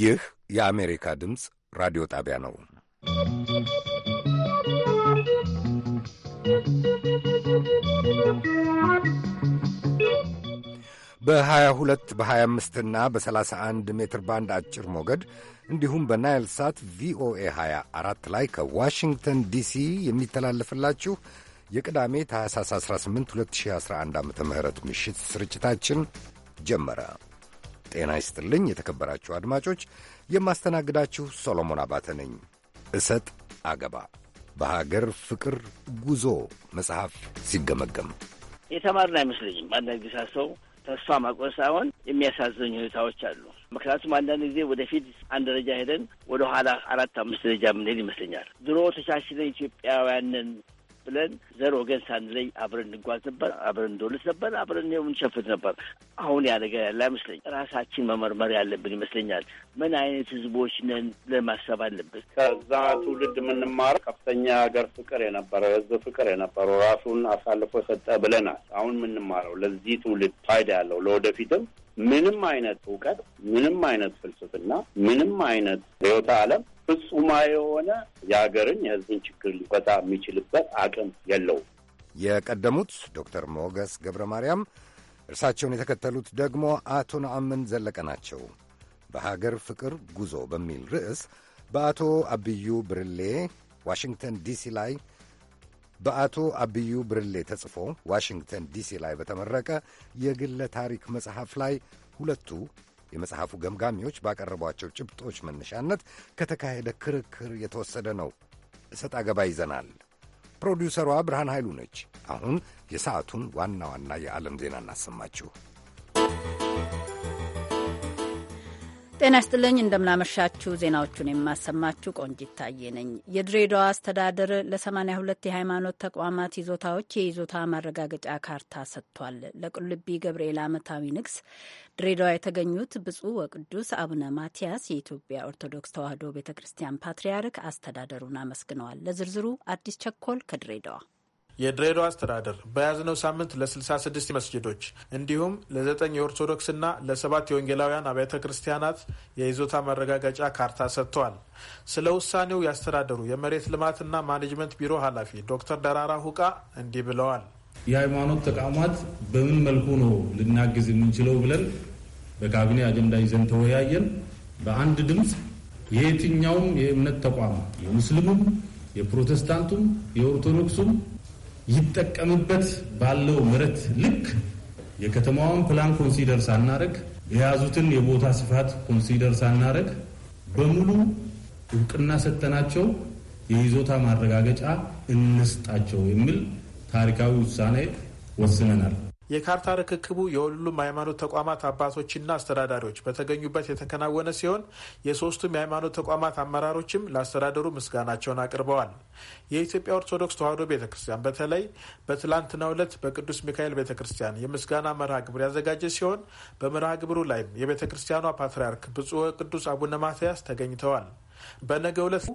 ይህ የአሜሪካ ድምፅ ራዲዮ ጣቢያ ነው። በ22 በ25 እና በ31 ሜትር ባንድ አጭር ሞገድ እንዲሁም በናይል ሳት ቪኦኤ 24 ላይ ከዋሽንግተን ዲሲ የሚተላለፍላችሁ የቅዳሜ ታህሳስ 18 2011 ዓ ም ምሽት ስርጭታችን ጀመረ። ጤና ይስጥልኝ የተከበራችሁ አድማጮች፣ የማስተናግዳችሁ ሶሎሞን አባተ ነኝ። እሰጥ አገባ በሀገር ፍቅር ጉዞ መጽሐፍ ሲገመገም የተማርን አይመስለኝም። አንዳንድ ጊዜ ሳስበው ተስፋ ማቆስ ሳይሆን የሚያሳዝኝ ሁኔታዎች አሉ። ምክንያቱም አንዳንድ ጊዜ ወደፊት አንድ ደረጃ ሄደን ወደ ኋላ አራት አምስት ደረጃ ምንሄድ ይመስለኛል። ድሮ ተቻችለን ኢትዮጵያውያንን ብለን ዘር ወገን ሳንለይ አብረን እንጓዝ ነበር፣ አብረን እንደወልስ ነበር፣ አብረን እንሸፍት ነበር። አሁን ያ ነገር ያለ አይመስለኝ። ራሳችን መመርመር ያለብን ይመስለኛል። ምን አይነት ህዝቦች ነን ለማሰብ አለብን። ከዛ ትውልድ የምንማረው ከፍተኛ ሀገር ፍቅር የነበረው የህዝብ ፍቅር የነበረው ራሱን አሳልፎ ሰጠ ብለናል። አሁን የምንማረው ለዚህ ትውልድ ፋይዳ ያለው ለወደፊትም ምንም አይነት እውቀት፣ ምንም አይነት ፍልስፍና፣ ምንም አይነት ርዕዮተ አለም ፍጹማ የሆነ የሀገርን የህዝብን ችግር ሊፈታ የሚችልበት አቅም የለውም። የቀደሙት ዶክተር ሞገስ ገብረ ማርያም፣ እርሳቸውን የተከተሉት ደግሞ አቶ ነአምን ዘለቀ ናቸው። በሀገር ፍቅር ጉዞ በሚል ርዕስ በአቶ አብዩ ብርሌ ዋሽንግተን ዲሲ ላይ በአቶ አብዩ ብርሌ ተጽፎ ዋሽንግተን ዲሲ ላይ በተመረቀ የግለ ታሪክ መጽሐፍ ላይ ሁለቱ የመጽሐፉ ገምጋሚዎች ባቀረቧቸው ጭብጦች መነሻነት ከተካሄደ ክርክር የተወሰደ ነው። እሰጥ አገባ ይዘናል። ፕሮዲውሰሯ ብርሃን ኃይሉ ነች። አሁን የሰዓቱን ዋና ዋና የዓለም ዜና እናሰማችሁ። ጤና ይስጥልኝ እንደምናመሻችሁ። ዜናዎቹን የማሰማችሁ ቆንጂት ታዬ ነኝ። የድሬዳዋ አስተዳደር ለ82 የሃይማኖት ተቋማት ይዞታዎች የይዞታ ማረጋገጫ ካርታ ሰጥቷል። ለቁልቢ ገብርኤል ዓመታዊ ንግስ ድሬዳዋ የተገኙት ብፁዕ ወቅዱስ አቡነ ማቲያስ የኢትዮጵያ ኦርቶዶክስ ተዋሕዶ ቤተ ክርስቲያን ፓትርያርክ አስተዳደሩን አመስግነዋል። ለዝርዝሩ አዲስ ቸኮል ከድሬዳዋ የድሬዳዋ አስተዳደር በያዝነው ሳምንት ለ66 መስጅዶች እንዲሁም ለዘጠኝ የኦርቶዶክስና ለሰባት የወንጌላውያን አብያተ ክርስቲያናት የይዞታ መረጋገጫ ካርታ ሰጥተዋል። ስለ ውሳኔው ያስተዳደሩ የመሬት ልማትና ማኔጅመንት ቢሮ ኃላፊ ዶክተር ደራራ ሁቃ እንዲህ ብለዋል። የሃይማኖት ተቋማት በምን መልኩ ነው ልናግዝ የምንችለው ብለን በካቢኔ አጀንዳ ይዘን ተወያየን። በአንድ ድምፅ የየትኛውም የእምነት ተቋም የሙስሊሙም፣ የፕሮቴስታንቱም፣ የኦርቶዶክሱም ይጠቀምበት ባለው መሬት ልክ የከተማዋን ፕላን ኮንሲደር ሳናረግ የያዙትን የቦታ ስፋት ኮንሲደር ሳናረግ በሙሉ እውቅና ሰጠናቸው የይዞታ ማረጋገጫ እንስጣቸው የሚል ታሪካዊ ውሳኔ ወስነናል። የካርታ ርክክቡ የሁሉም ሃይማኖት ተቋማት አባቶችና አስተዳዳሪዎች በተገኙበት የተከናወነ ሲሆን የሶስቱም የሃይማኖት ተቋማት አመራሮችም ለአስተዳደሩ ምስጋናቸውን አቅርበዋል። የኢትዮጵያ ኦርቶዶክስ ተዋሕዶ ቤተ ክርስቲያን በተለይ በትላንትናው ዕለት በቅዱስ ሚካኤል ቤተ ክርስቲያን የምስጋና መርሃ ግብር ያዘጋጀ ሲሆን በመርሃ ግብሩ ላይም የቤተ ክርስቲያኗ ፓትርያርክ ብፁዕ ቅዱስ አቡነ ማትያስ ተገኝተዋል። በነገ ዕለት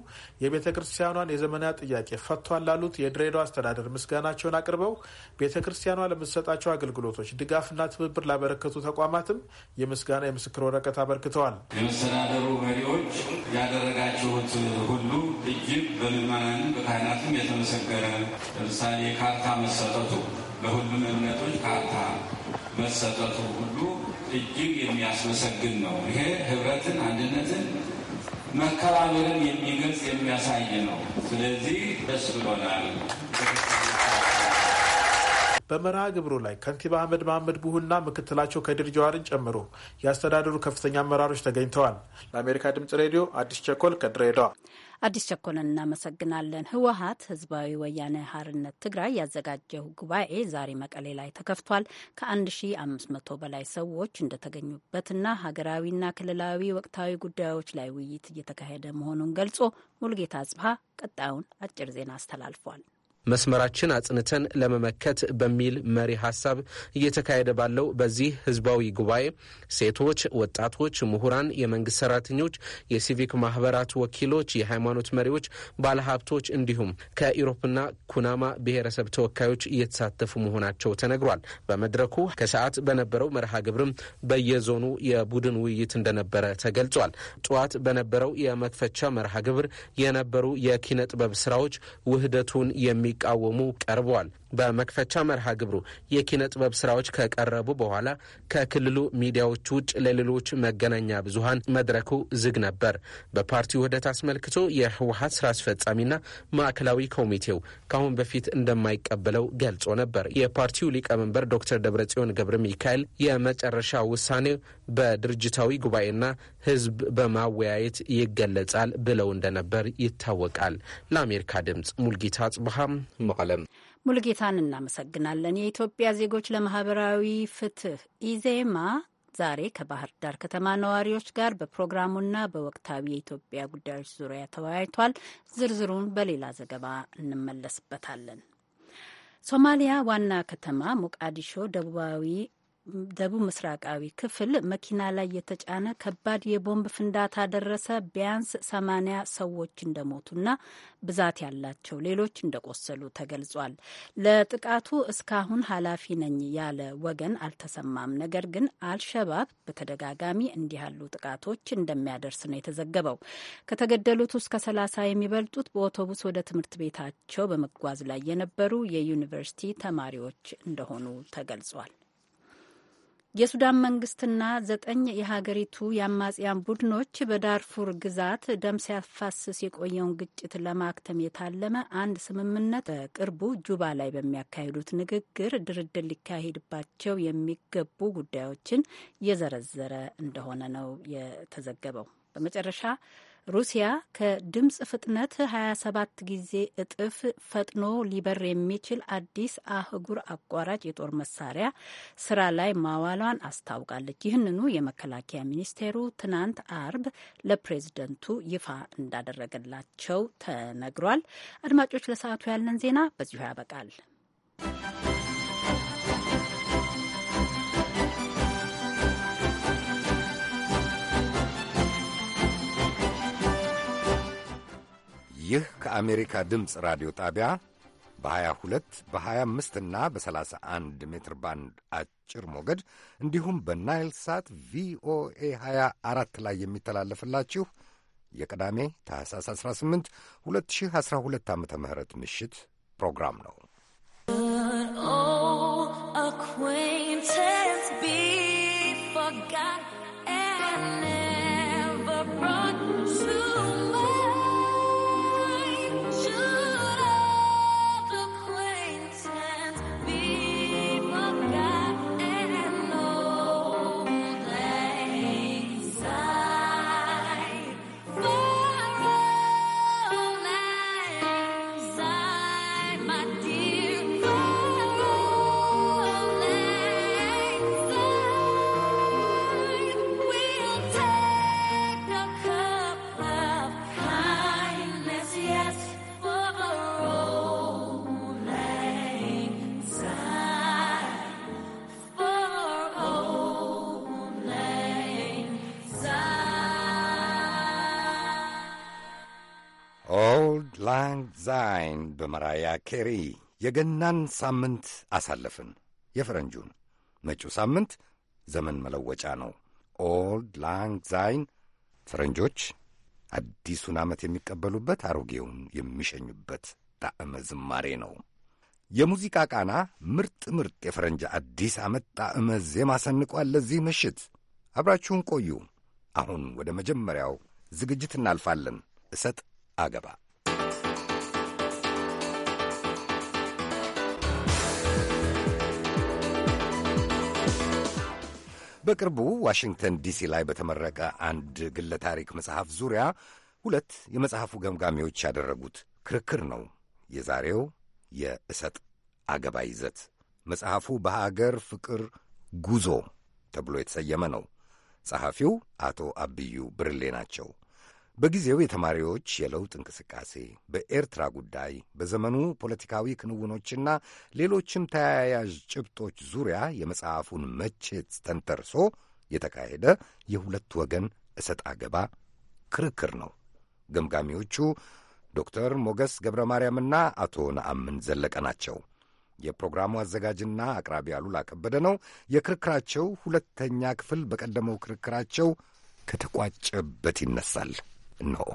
የቤተ ክርስቲያኗን የዘመናት ጥያቄ ፈቷል ላሉት የድሬዳዋ አስተዳደር ምስጋናቸውን አቅርበው ቤተ ክርስቲያኗ ለምትሰጣቸው አገልግሎቶች ድጋፍና ትብብር ላበረከቱ ተቋማትም የምስጋና የምስክር ወረቀት አበርክተዋል። የመስተዳደሩ መሪዎች ያደረጋችሁት ሁሉ እጅግ በምዕመናንም በካህናትም የተመሰገነ ለምሳሌ ካርታ መሰጠቱ ለሁሉም እምነቶች ካርታ መሰጠቱ ሁሉ እጅግ የሚያስመሰግን ነው። ይሄ ህብረትን አንድነትን መከባበርን የሚገልጽ የሚያሳይ ነው። ስለዚህ ደስ ብሎናል። በመርሃ ግብሩ ላይ ከንቲባ አህመድ መሐመድ ቡሁና ምክትላቸው ከድር ጀዋርን ጨምሮ የአስተዳደሩ ከፍተኛ አመራሮች ተገኝተዋል። ለአሜሪካ ድምጽ ሬዲዮ አዲስ ቸኮል ከድሬዳዋ አዲስ ቸኮልን እናመሰግናለን። ህወሀት ህዝባዊ ወያነ ሀርነት ትግራይ ያዘጋጀው ጉባኤ ዛሬ መቀሌ ላይ ተከፍቷል። ከ1500 በላይ ሰዎች እንደተገኙበትና ሀገራዊና ክልላዊ ወቅታዊ ጉዳዮች ላይ ውይይት እየተካሄደ መሆኑን ገልጾ ሙልጌታ አጽብሃ ቀጣዩን አጭር ዜና አስተላልፏል። መስመራችን አጽንተን ለመመከት በሚል መሪ ሀሳብ እየተካሄደ ባለው በዚህ ህዝባዊ ጉባኤ ሴቶች፣ ወጣቶች፣ ምሁራን፣ የመንግስት ሰራተኞች፣ የሲቪክ ማህበራት ወኪሎች፣ የሃይማኖት መሪዎች፣ ባለሀብቶች እንዲሁም ከኢሮፕና ኩናማ ብሔረሰብ ተወካዮች እየተሳተፉ መሆናቸው ተነግሯል። በመድረኩ ከሰዓት በነበረው መርሃ ግብርም በየዞኑ የቡድን ውይይት እንደነበረ ተገልጿል። ጠዋት በነበረው የመክፈቻ መርሃ ግብር የነበሩ የኪነ ጥበብ ስራዎች ውህደቱን የሚ እንደሚቃወሙ ቀርቧል። በመክፈቻ መርሃ ግብሩ የኪነ ጥበብ ስራዎች ከቀረቡ በኋላ ከክልሉ ሚዲያዎች ውጭ ለሌሎች መገናኛ ብዙሀን መድረኩ ዝግ ነበር። በፓርቲው ውህደት አስመልክቶ የህወሀት ስራ አስፈጻሚና ማዕከላዊ ኮሚቴው ከአሁን በፊት እንደማይቀበለው ገልጾ ነበር። የፓርቲው ሊቀመንበር ዶክተር ደብረጽዮን ገብረ ሚካኤል የመጨረሻ ውሳኔ በድርጅታዊ ጉባኤና ህዝብ በማወያየት ይገለጻል ብለው እንደነበር ይታወቃል። ለአሜሪካ ድምጽ ሙልጌታ ጽብሃም መቀለም ሙልጌታን እናመሰግናለን። የኢትዮጵያ ዜጎች ለማህበራዊ ፍትህ ኢዜማ ዛሬ ከባህር ዳር ከተማ ነዋሪዎች ጋር በፕሮግራሙና በወቅታዊ የኢትዮጵያ ጉዳዮች ዙሪያ ተወያይቷል። ዝርዝሩን በሌላ ዘገባ እንመለስበታለን። ሶማሊያ ዋና ከተማ ሞቃዲሾ ደቡባዊ ደቡብ ምስራቃዊ ክፍል መኪና ላይ የተጫነ ከባድ የቦምብ ፍንዳታ ደረሰ። ቢያንስ ሰማኒያ ሰዎች እንደሞቱና ብዛት ያላቸው ሌሎች እንደቆሰሉ ተገልጿል። ለጥቃቱ እስካሁን ኃላፊ ነኝ ያለ ወገን አልተሰማም። ነገር ግን አልሸባብ በተደጋጋሚ እንዲህ ያሉ ጥቃቶች እንደሚያደርስ ነው የተዘገበው። ከተገደሉት ውስጥ ከሰላሳ የሚበልጡት በአውቶቡስ ወደ ትምህርት ቤታቸው በመጓዝ ላይ የነበሩ የዩኒቨርሲቲ ተማሪዎች እንደሆኑ ተገልጿል። የሱዳን መንግስትና ዘጠኝ የሀገሪቱ የአማጽያን ቡድኖች በዳርፉር ግዛት ደም ሲያፋስስ የቆየውን ግጭት ለማክተም የታለመ አንድ ስምምነት በቅርቡ ጁባ ላይ በሚያካሂዱት ንግግር ድርድር ሊካሄድባቸው የሚገቡ ጉዳዮችን የዘረዘረ እንደሆነ ነው የተዘገበው። በመጨረሻ ሩሲያ ከድምፅ ፍጥነት 27 ጊዜ እጥፍ ፈጥኖ ሊበር የሚችል አዲስ አህጉር አቋራጭ የጦር መሳሪያ ስራ ላይ ማዋሏን አስታውቃለች። ይህንኑ የመከላከያ ሚኒስቴሩ ትናንት አርብ ለፕሬዝደንቱ ይፋ እንዳደረገላቸው ተነግሯል። አድማጮች፣ ለሰዓቱ ያለን ዜና በዚሁ ያበቃል። ይህ ከአሜሪካ ድምፅ ራዲዮ ጣቢያ በ22 በ25 እና በ31 ሜትር ባንድ አጭር ሞገድ እንዲሁም በናይል ሳት ቪኦኤ 24 ላይ የሚተላለፍላችሁ የቅዳሜ ታህሳስ 18 2012 ዓ ም ምሽት ፕሮግራም ነው። oh, ላንግ ዛይን በመራያ ኬሪ የገናን ሳምንት አሳለፍን። የፈረንጁን መጪው ሳምንት ዘመን መለወጫ ነው። ኦልድ ላንግ ዛይን ፈረንጆች አዲሱን ዓመት የሚቀበሉበት፣ አሮጌውን የሚሸኙበት ጣዕመ ዝማሬ ነው። የሙዚቃ ቃና ምርጥ ምርጥ የፈረንጅ አዲስ ዓመት ጣዕመ ዜማ ሰንቋል። ለዚህ ምሽት አብራችሁን ቆዩ። አሁን ወደ መጀመሪያው ዝግጅት እናልፋለን። እሰጥ አገባ በቅርቡ ዋሽንግተን ዲሲ ላይ በተመረቀ አንድ ግለ ታሪክ መጽሐፍ ዙሪያ ሁለት የመጽሐፉ ገምጋሚዎች ያደረጉት ክርክር ነው የዛሬው የእሰጥ አገባ ይዘት። መጽሐፉ በሀገር ፍቅር ጉዞ ተብሎ የተሰየመ ነው። ጸሐፊው አቶ አብዩ ብርሌ ናቸው። በጊዜው የተማሪዎች የለውጥ እንቅስቃሴ፣ በኤርትራ ጉዳይ፣ በዘመኑ ፖለቲካዊ ክንውኖችና ሌሎችም ተያያዥ ጭብጦች ዙሪያ የመጽሐፉን መቼት ተንተርሶ የተካሄደ የሁለት ወገን እሰጥ አገባ ክርክር ነው። ገምጋሚዎቹ ዶክተር ሞገስ ገብረ ማርያምና አቶ ነአምን ዘለቀ ናቸው። የፕሮግራሙ አዘጋጅና አቅራቢ አሉላ ከበደ ነው። የክርክራቸው ሁለተኛ ክፍል በቀደመው ክርክራቸው ከተቋጨበት ይነሳል። እነሆ።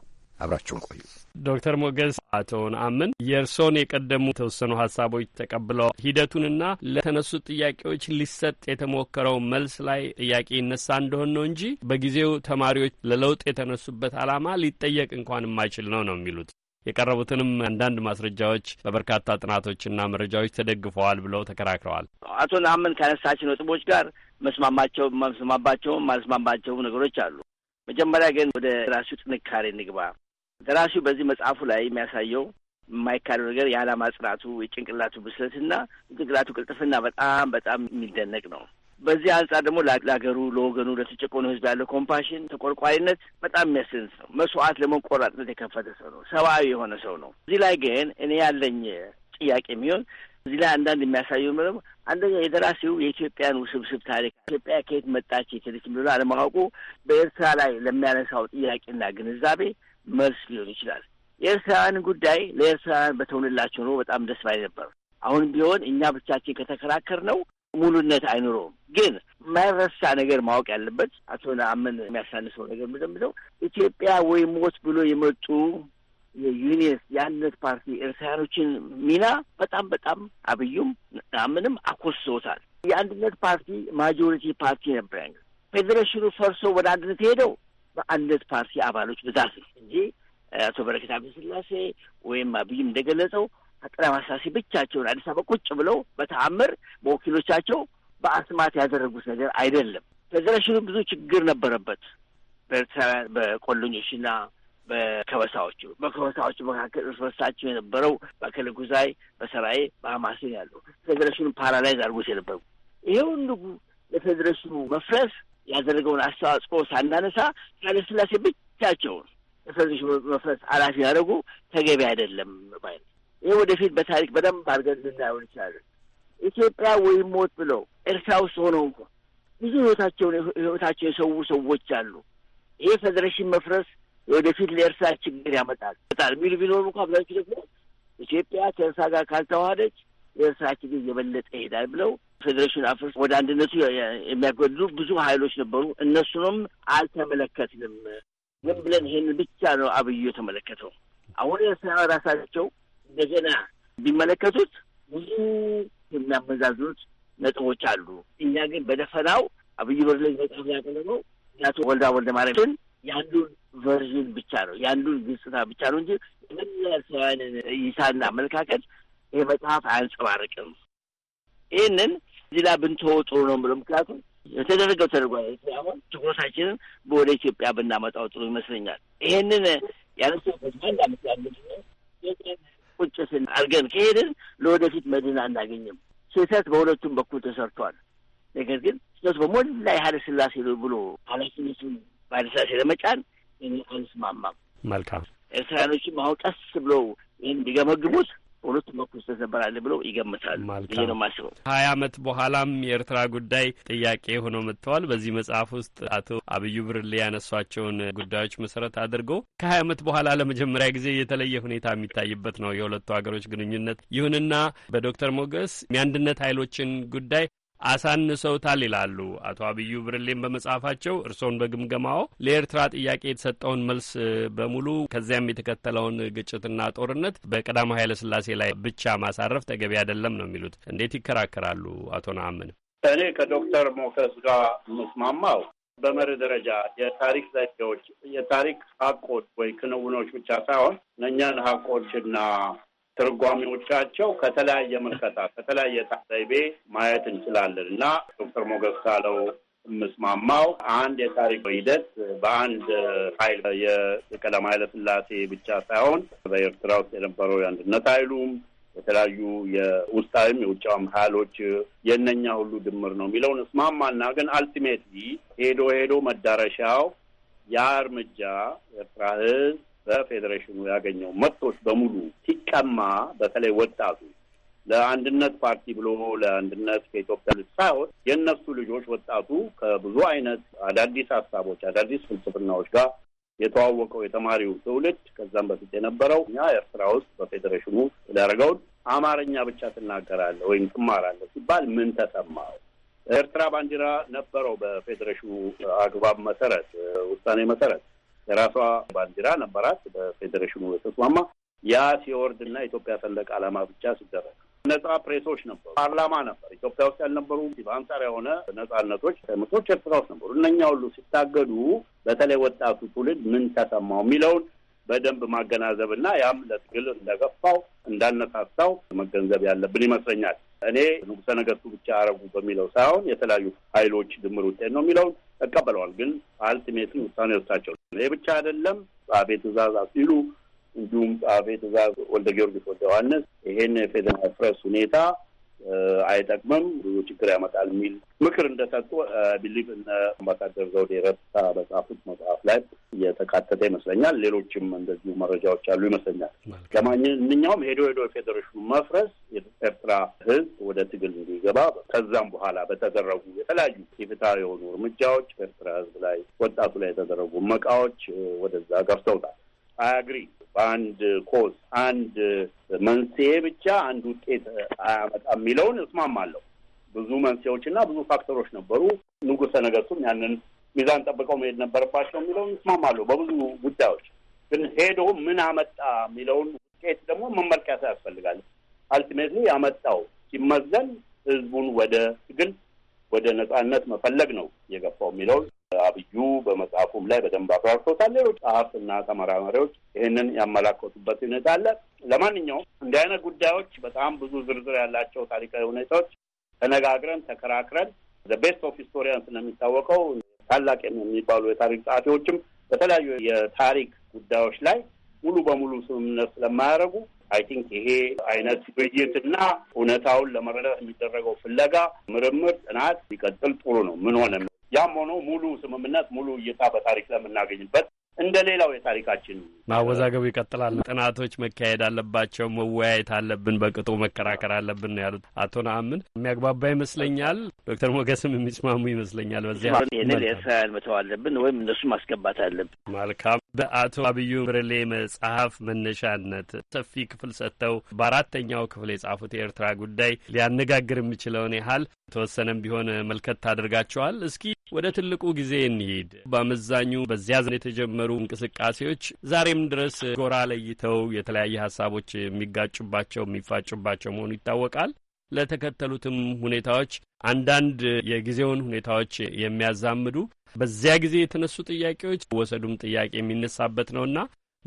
አብራችሁን ቆዩ። ዶክተር ሞገስ አቶ ነአምን የእርስዎን የቀደሙ የተወሰኑ ሀሳቦች ተቀብለው ሂደቱንና ለተነሱት ጥያቄዎች ሊሰጥ የተሞከረው መልስ ላይ ጥያቄ ይነሳ እንደሆን ነው እንጂ በጊዜው ተማሪዎች ለለውጥ የተነሱበት ዓላማ ሊጠየቅ እንኳን የማይችል ነው ነው የሚሉት የቀረቡትንም አንዳንድ ማስረጃዎች በበርካታ ጥናቶችና መረጃዎች ተደግፈዋል ብለው ተከራክረዋል። አቶ ነአምን ካነሳችን ነጥቦች ጋር መስማማቸው መስማማባቸውም ማልስማማቸውም ነገሮች አሉ። መጀመሪያ ግን ወደ ደራሲው ጥንካሬ እንግባ። ደራሲው በዚህ መጽሐፉ ላይ የሚያሳየው የማይካድ ነገር የዓላማ ጽናቱ፣ የጭንቅላቱ ብስለትና ጭንቅላቱ ቅልጥፍና በጣም በጣም የሚደነቅ ነው። በዚህ አንጻር ደግሞ ለሀገሩ፣ ለወገኑ፣ ለተጨቆኑ ህዝብ ያለው ኮምፓሽን፣ ተቆርቋሪነት በጣም የሚያስደንቅ ነው። መስዋዕት ለመቆራጥነት የከፈተ ሰው ነው። ሰብአዊ የሆነ ሰው ነው። እዚህ ላይ ግን እኔ ያለኝ ጥያቄ የሚሆን እዚህ ላይ አንዳንድ የሚያሳዩ አንደኛ የደራሲው የኢትዮጵያን ውስብስብ ታሪክ ኢትዮጵያ ከየት መጣች የትልች የሚሆነ አለማወቁ በኤርትራ ላይ ለሚያነሳው ጥያቄና ግንዛቤ መልስ ሊሆን ይችላል። የኤርትራውያን ጉዳይ ለኤርትራውያን በተውንላቸው ነው። በጣም ደስ ባይ ነበር። አሁን ቢሆን እኛ ብቻችን ከተከራከር ነው ሙሉነት አይኖረውም። ግን ማይረሳ ነገር ማወቅ ያለበት አቶ ነአምን የሚያሳንሰው ነገር ምደምደው ኢትዮጵያ ወይ ሞት ብሎ የመጡ የዩኒስ የአንድነት ፓርቲ ኤርትራያኖችን ሚና በጣም በጣም አብዩም ምንም አኮስሶታል። የአንድነት ፓርቲ ማጆሪቲ ፓርቲ ነበር። ያን ፌዴሬሽኑ ፈርሶ ወደ አንድነት የሄደው በአንድነት ፓርቲ አባሎች ብዛት ነው እንጂ አቶ በረከት አብስላሴ ወይም አብይም እንደገለጸው አጠና ማሳሴ ብቻቸውን አዲስ አበባ ቁጭ ብለው በተአምር በወኪሎቻቸው በአስማት ያደረጉት ነገር አይደለም። ፌዴሬሽኑ ብዙ ችግር ነበረበት በኤርትራውያን በቆሎኞችና በከበሳዎቹ በከበሳዎቹ መካከል እርስ በርሳቸው የነበረው በአከለ ጉዛይ በሰራዬ በሀማሴን ያለው ፌዴሬሽኑ ፓራላይዝ አድርጎት የነበሩ ይሄ ሁሉ ለፌዴሬሽኑ መፍረስ ያደረገውን አስተዋጽኦ ሳናነሳ ኃይለ ሥላሴ ብቻቸውን ለፌዴሬሽኑ መፍረስ ኃላፊ ያደረጉ ተገቢ አይደለም ማለት ይሄ ወደፊት በታሪክ በደንብ አድርገን ልናየው እንችላለን። ኢትዮጵያ ወይም ሞት ብለው ኤርትራ ውስጥ ሆነው እንኳ ብዙ ህይወታቸውን ህይወታቸው የሰዉ ሰዎች አሉ። ይሄ ፌዴሬሽን መፍረስ ወደፊት ለእርሳ ችግር ያመጣል ጣል የሚል ቢኖሩ እንኳ አብዛኞቹ ደግሞ ኢትዮጵያ ከእርሳ ጋር ካልተዋሃደች የእርሳ ችግር እየበለጠ ይሄዳል ብለው ፌዴሬሽን አፍርስ ወደ አንድነቱ የሚያጎድሉ ብዙ ሀይሎች ነበሩ። እነሱንም አልተመለከትንም። ዝም ብለን ይሄን ብቻ ነው አብዩ የተመለከተው። አሁን የእርሳ ራሳቸው እንደገና ቢመለከቱት ብዙ የሚያመዛዝኑት ነጥቦች አሉ። እኛ ግን በደፈናው አብይ በር ላይ መጽሐፍ ያቀረበው ያቶ ወልዳ ወልደ ማርያምን የአንዱን ቨርዥን ብቻ ነው የአንዱን ገጽታ ብቻ ነው እንጂ የመላ እይታና አመለካከት ይህ መጽሐፍ አያንጸባርቅም። ይህንን እዚህ ላይ ብንተወው ጥሩ ነው ብሎ ምክንያቱም የተደረገው ተደርጓል። አሁን ትኩረታችንን ወደ ኢትዮጵያ ብናመጣው ጥሩ ይመስለኛል። ይህንን ያነሳበት ዋና ምክንያት ቁጭትን አድርገን ከሄድን ለወደፊት መድን አናገኝም። ስህተት በሁለቱም በኩል ተሰርቷል። ነገር ግን ስህተት በሞላ የኃይለ ሥላሴ ብሎ ኃላፊነቱን በአዲስ አበባ ለመጫን አንስማማም። መልካም ኤርትራኖችም አሁን ቀስ ብለው ይህን ቢገመግሙት ሁለቱም በኩል ስተዘበር ብለው ይገምታሉ ብዬ ነው ማስበው። ሀያ አመት በኋላም የኤርትራ ጉዳይ ጥያቄ ሆኖ መጥተዋል። በዚህ መጽሐፍ ውስጥ አቶ አብዩ ብርሌ ያነሷቸውን ጉዳዮች መሰረት አድርጎ ከሀያ አመት በኋላ ለመጀመሪያ ጊዜ የተለየ ሁኔታ የሚታይበት ነው የሁለቱ ሀገሮች ግንኙነት። ይሁንና በዶክተር ሞገስ የአንድነት ኃይሎችን ጉዳይ አሳንሰውታል ይላሉ አቶ አብዩ ብርሌን በመጽሐፋቸው። እርስዎን በግምገማው ለኤርትራ ጥያቄ የተሰጠውን መልስ በሙሉ ከዚያም የተከተለውን ግጭትና ጦርነት በቀዳማ ኃይለ ስላሴ ላይ ብቻ ማሳረፍ ተገቢ አይደለም ነው የሚሉት። እንዴት ይከራከራሉ አቶ ነአምን? እኔ ከዶክተር ሞከስ ጋር የምስማማው በመሪ ደረጃ የታሪክ ዘዴዎች የታሪክ ሀቆች ወይ ክንውኖች ብቻ ሳይሆን እነኛን ሀቆችና ትርጓሚዎቻቸው ከተለያየ ምልከታ ከተለያየ ታሳይቤ ማየት እንችላለን እና ዶክተር ሞገስ ካለው የምስማማው አንድ የታሪክ ሂደት በአንድ ኃይል የቀለም ኃይለ ሥላሴ ብቻ ሳይሆን በኤርትራ ውስጥ የነበረው የአንድነት ኃይሉም የተለያዩ የውስጣዊም የውጫም ኃይሎች የእነኛ ሁሉ ድምር ነው የሚለውን እስማማና ግን አልቲሜትሊ ሄዶ ሄዶ መዳረሻው ያ እርምጃ ኤርትራ ሕዝብ በፌዴሬሽኑ ያገኘው መብቶች በሙሉ ሲቀማ በተለይ ወጣቱ ለአንድነት ፓርቲ ብሎ ለአንድነት ከኢትዮጵያ ልጅ ሳይሆን የእነሱ ልጆች ወጣቱ ከብዙ አይነት አዳዲስ ሀሳቦች አዳዲስ ፍልስፍናዎች ጋር የተዋወቀው የተማሪው ትውልድ ከዛም በፊት የነበረው እኛ ኤርትራ ውስጥ በፌዴሬሽኑ ያደረገውን አማርኛ ብቻ ትናገራለህ ወይም ትማራለህ ሲባል ምን ተሰማ? ኤርትራ ባንዲራ ነበረው በፌዴሬሽኑ አግባብ መሰረት ውሳኔ መሰረት የራሷ ባንዲራ ነበራት በፌዴሬሽኑ የተስማማ ያ ሲወርድና ኢትዮጵያ ሰንደቅ ዓላማ ብቻ ሲደረግ ነጻ ፕሬሶች ነበሩ፣ ፓርላማ ነበር። ኢትዮጵያ ውስጥ ያልነበሩ በአንጻር የሆነ ነጻነቶች ምቶች ኤርትራ ውስጥ ነበሩ። እነኛ ሁሉ ሲታገዱ በተለይ ወጣቱ ትውልድ ምን ተሰማው የሚለውን በደንብ ማገናዘብና ያም ለትግል እንደገፋው እንዳነሳሳው መገንዘብ ያለብን ይመስለኛል። እኔ ንጉሰ ነገስቱ ብቻ አረጉ በሚለው ሳይሆን የተለያዩ ሀይሎች ድምር ውጤት ነው የሚለውን ተቀበለዋል። ግን አልቲሜትን ውሳኔ ወሳቸው ይሄ ብቻ አይደለም። ጸሐፌ ትእዛዝ አክሊሉ እንዲሁም ጸሐፌ ትእዛዝ ወልደ ጊዮርጊስ ወልደ ዮሐንስ ይሄን የፌዴራል ፕሬስ ሁኔታ አይጠቅምም፣ ብዙ ችግር ያመጣል የሚል ምክር እንደሰጡ ቢሊቭ እነ አምባሳደር ዘውዴ ረታ በጻፉት መጽሐፍ ላይ እየተካተተ ይመስለኛል። ሌሎችም እንደዚሁ መረጃዎች አሉ ይመስለኛል። ለማንኛውም ሄዶ ሄዶ የፌዴሬሽኑ መፍረስ ኤርትራ ሕዝብ ወደ ትግል እንዲገባ ከዛም በኋላ በተደረጉ የተለያዩ ኢፍትሐዊ የሆኑ እርምጃዎች በኤርትራ ሕዝብ ላይ ወጣቱ ላይ የተደረጉ መቃዎች ወደዛ ገብተውታል። አያግሪ በአንድ ኮዝ አንድ መንስኤ ብቻ አንድ ውጤት አያመጣ የሚለውን እስማማለሁ። ብዙ መንስኤዎች እና ብዙ ፋክተሮች ነበሩ። ንጉሰ ነገሥቱም ያንን ሚዛን ጠብቀው መሄድ ነበረባቸው የሚለውን እስማማለሁ። በብዙ ጉዳዮች ግን ሄዶ ምን አመጣ የሚለውን ውጤት ደግሞ መመልከት ያስፈልጋል። አልቲሜትሊ ያመጣው ሲመዘን ህዝቡን ወደ ትግል ወደ ነጻነት መፈለግ ነው የገፋው የሚለውን አብዩ በመጽሐፉም ላይ በደንብ አብራርቶታል። ሌሎች ጸሐፍትና ተመራማሪዎች ይህንን ያመላከቱበት ሁኔታ አለ። ለማንኛውም እንዲህ አይነት ጉዳዮች በጣም ብዙ ዝርዝር ያላቸው ታሪካዊ ሁኔታዎች ተነጋግረን ተከራክረን ቤስት ኦፍ ሂስቶሪያንስ እንደሚታወቀው ታላቅ የሚባሉ የታሪክ ጸሐፊዎችም በተለያዩ የታሪክ ጉዳዮች ላይ ሙሉ በሙሉ ስምምነት ስለማያደርጉ አይ ቲንክ ይሄ አይነት ውይይትና እውነታውን ለመረዳት የሚደረገው ፍለጋ፣ ምርምር፣ ጥናት ሊቀጥል ጥሩ ነው። ምን ሆነ ያም ሆኖ ሙሉ ስምምነት፣ ሙሉ እይታ በታሪክ ለምናገኝበት እንደ ሌላው የታሪካችን ማወዛገቡ ይቀጥላል። ጥናቶች መካሄድ አለባቸው። መወያየት አለብን። በቅጡ መከራከር አለብን ነው ያሉት አቶ ነአምን። የሚያግባባ ይመስለኛል። ዶክተር ሞገስም የሚስማሙ ይመስለኛል። በዚያ ኤርትራውያን መተው አለብን ወይም እነሱ ማስገባት አለብን። መልካም። በአቶ አብዩ ብርሌ መጽሐፍ መነሻነት ሰፊ ክፍል ሰጥተው በአራተኛው ክፍል የጻፉት የኤርትራ ጉዳይ ሊያነጋግር የሚችለውን ያህል ተወሰነም ቢሆን መልከት ታደርጋቸዋል። እስኪ ወደ ትልቁ ጊዜ እንሂድ። በአመዛኙ በዚያ ዘመን የተጀመሩ እንቅስቃሴዎች ዛሬም ድረስ ጎራ ለይተው የተለያየ ሀሳቦች የሚጋጩባቸው የሚፋጩባቸው መሆኑ ይታወቃል። ለተከተሉትም ሁኔታዎች አንዳንድ የጊዜውን ሁኔታዎች የሚያዛምዱ በዚያ ጊዜ የተነሱ ጥያቄዎች ወሰዱም ጥያቄ የሚነሳበት ነውና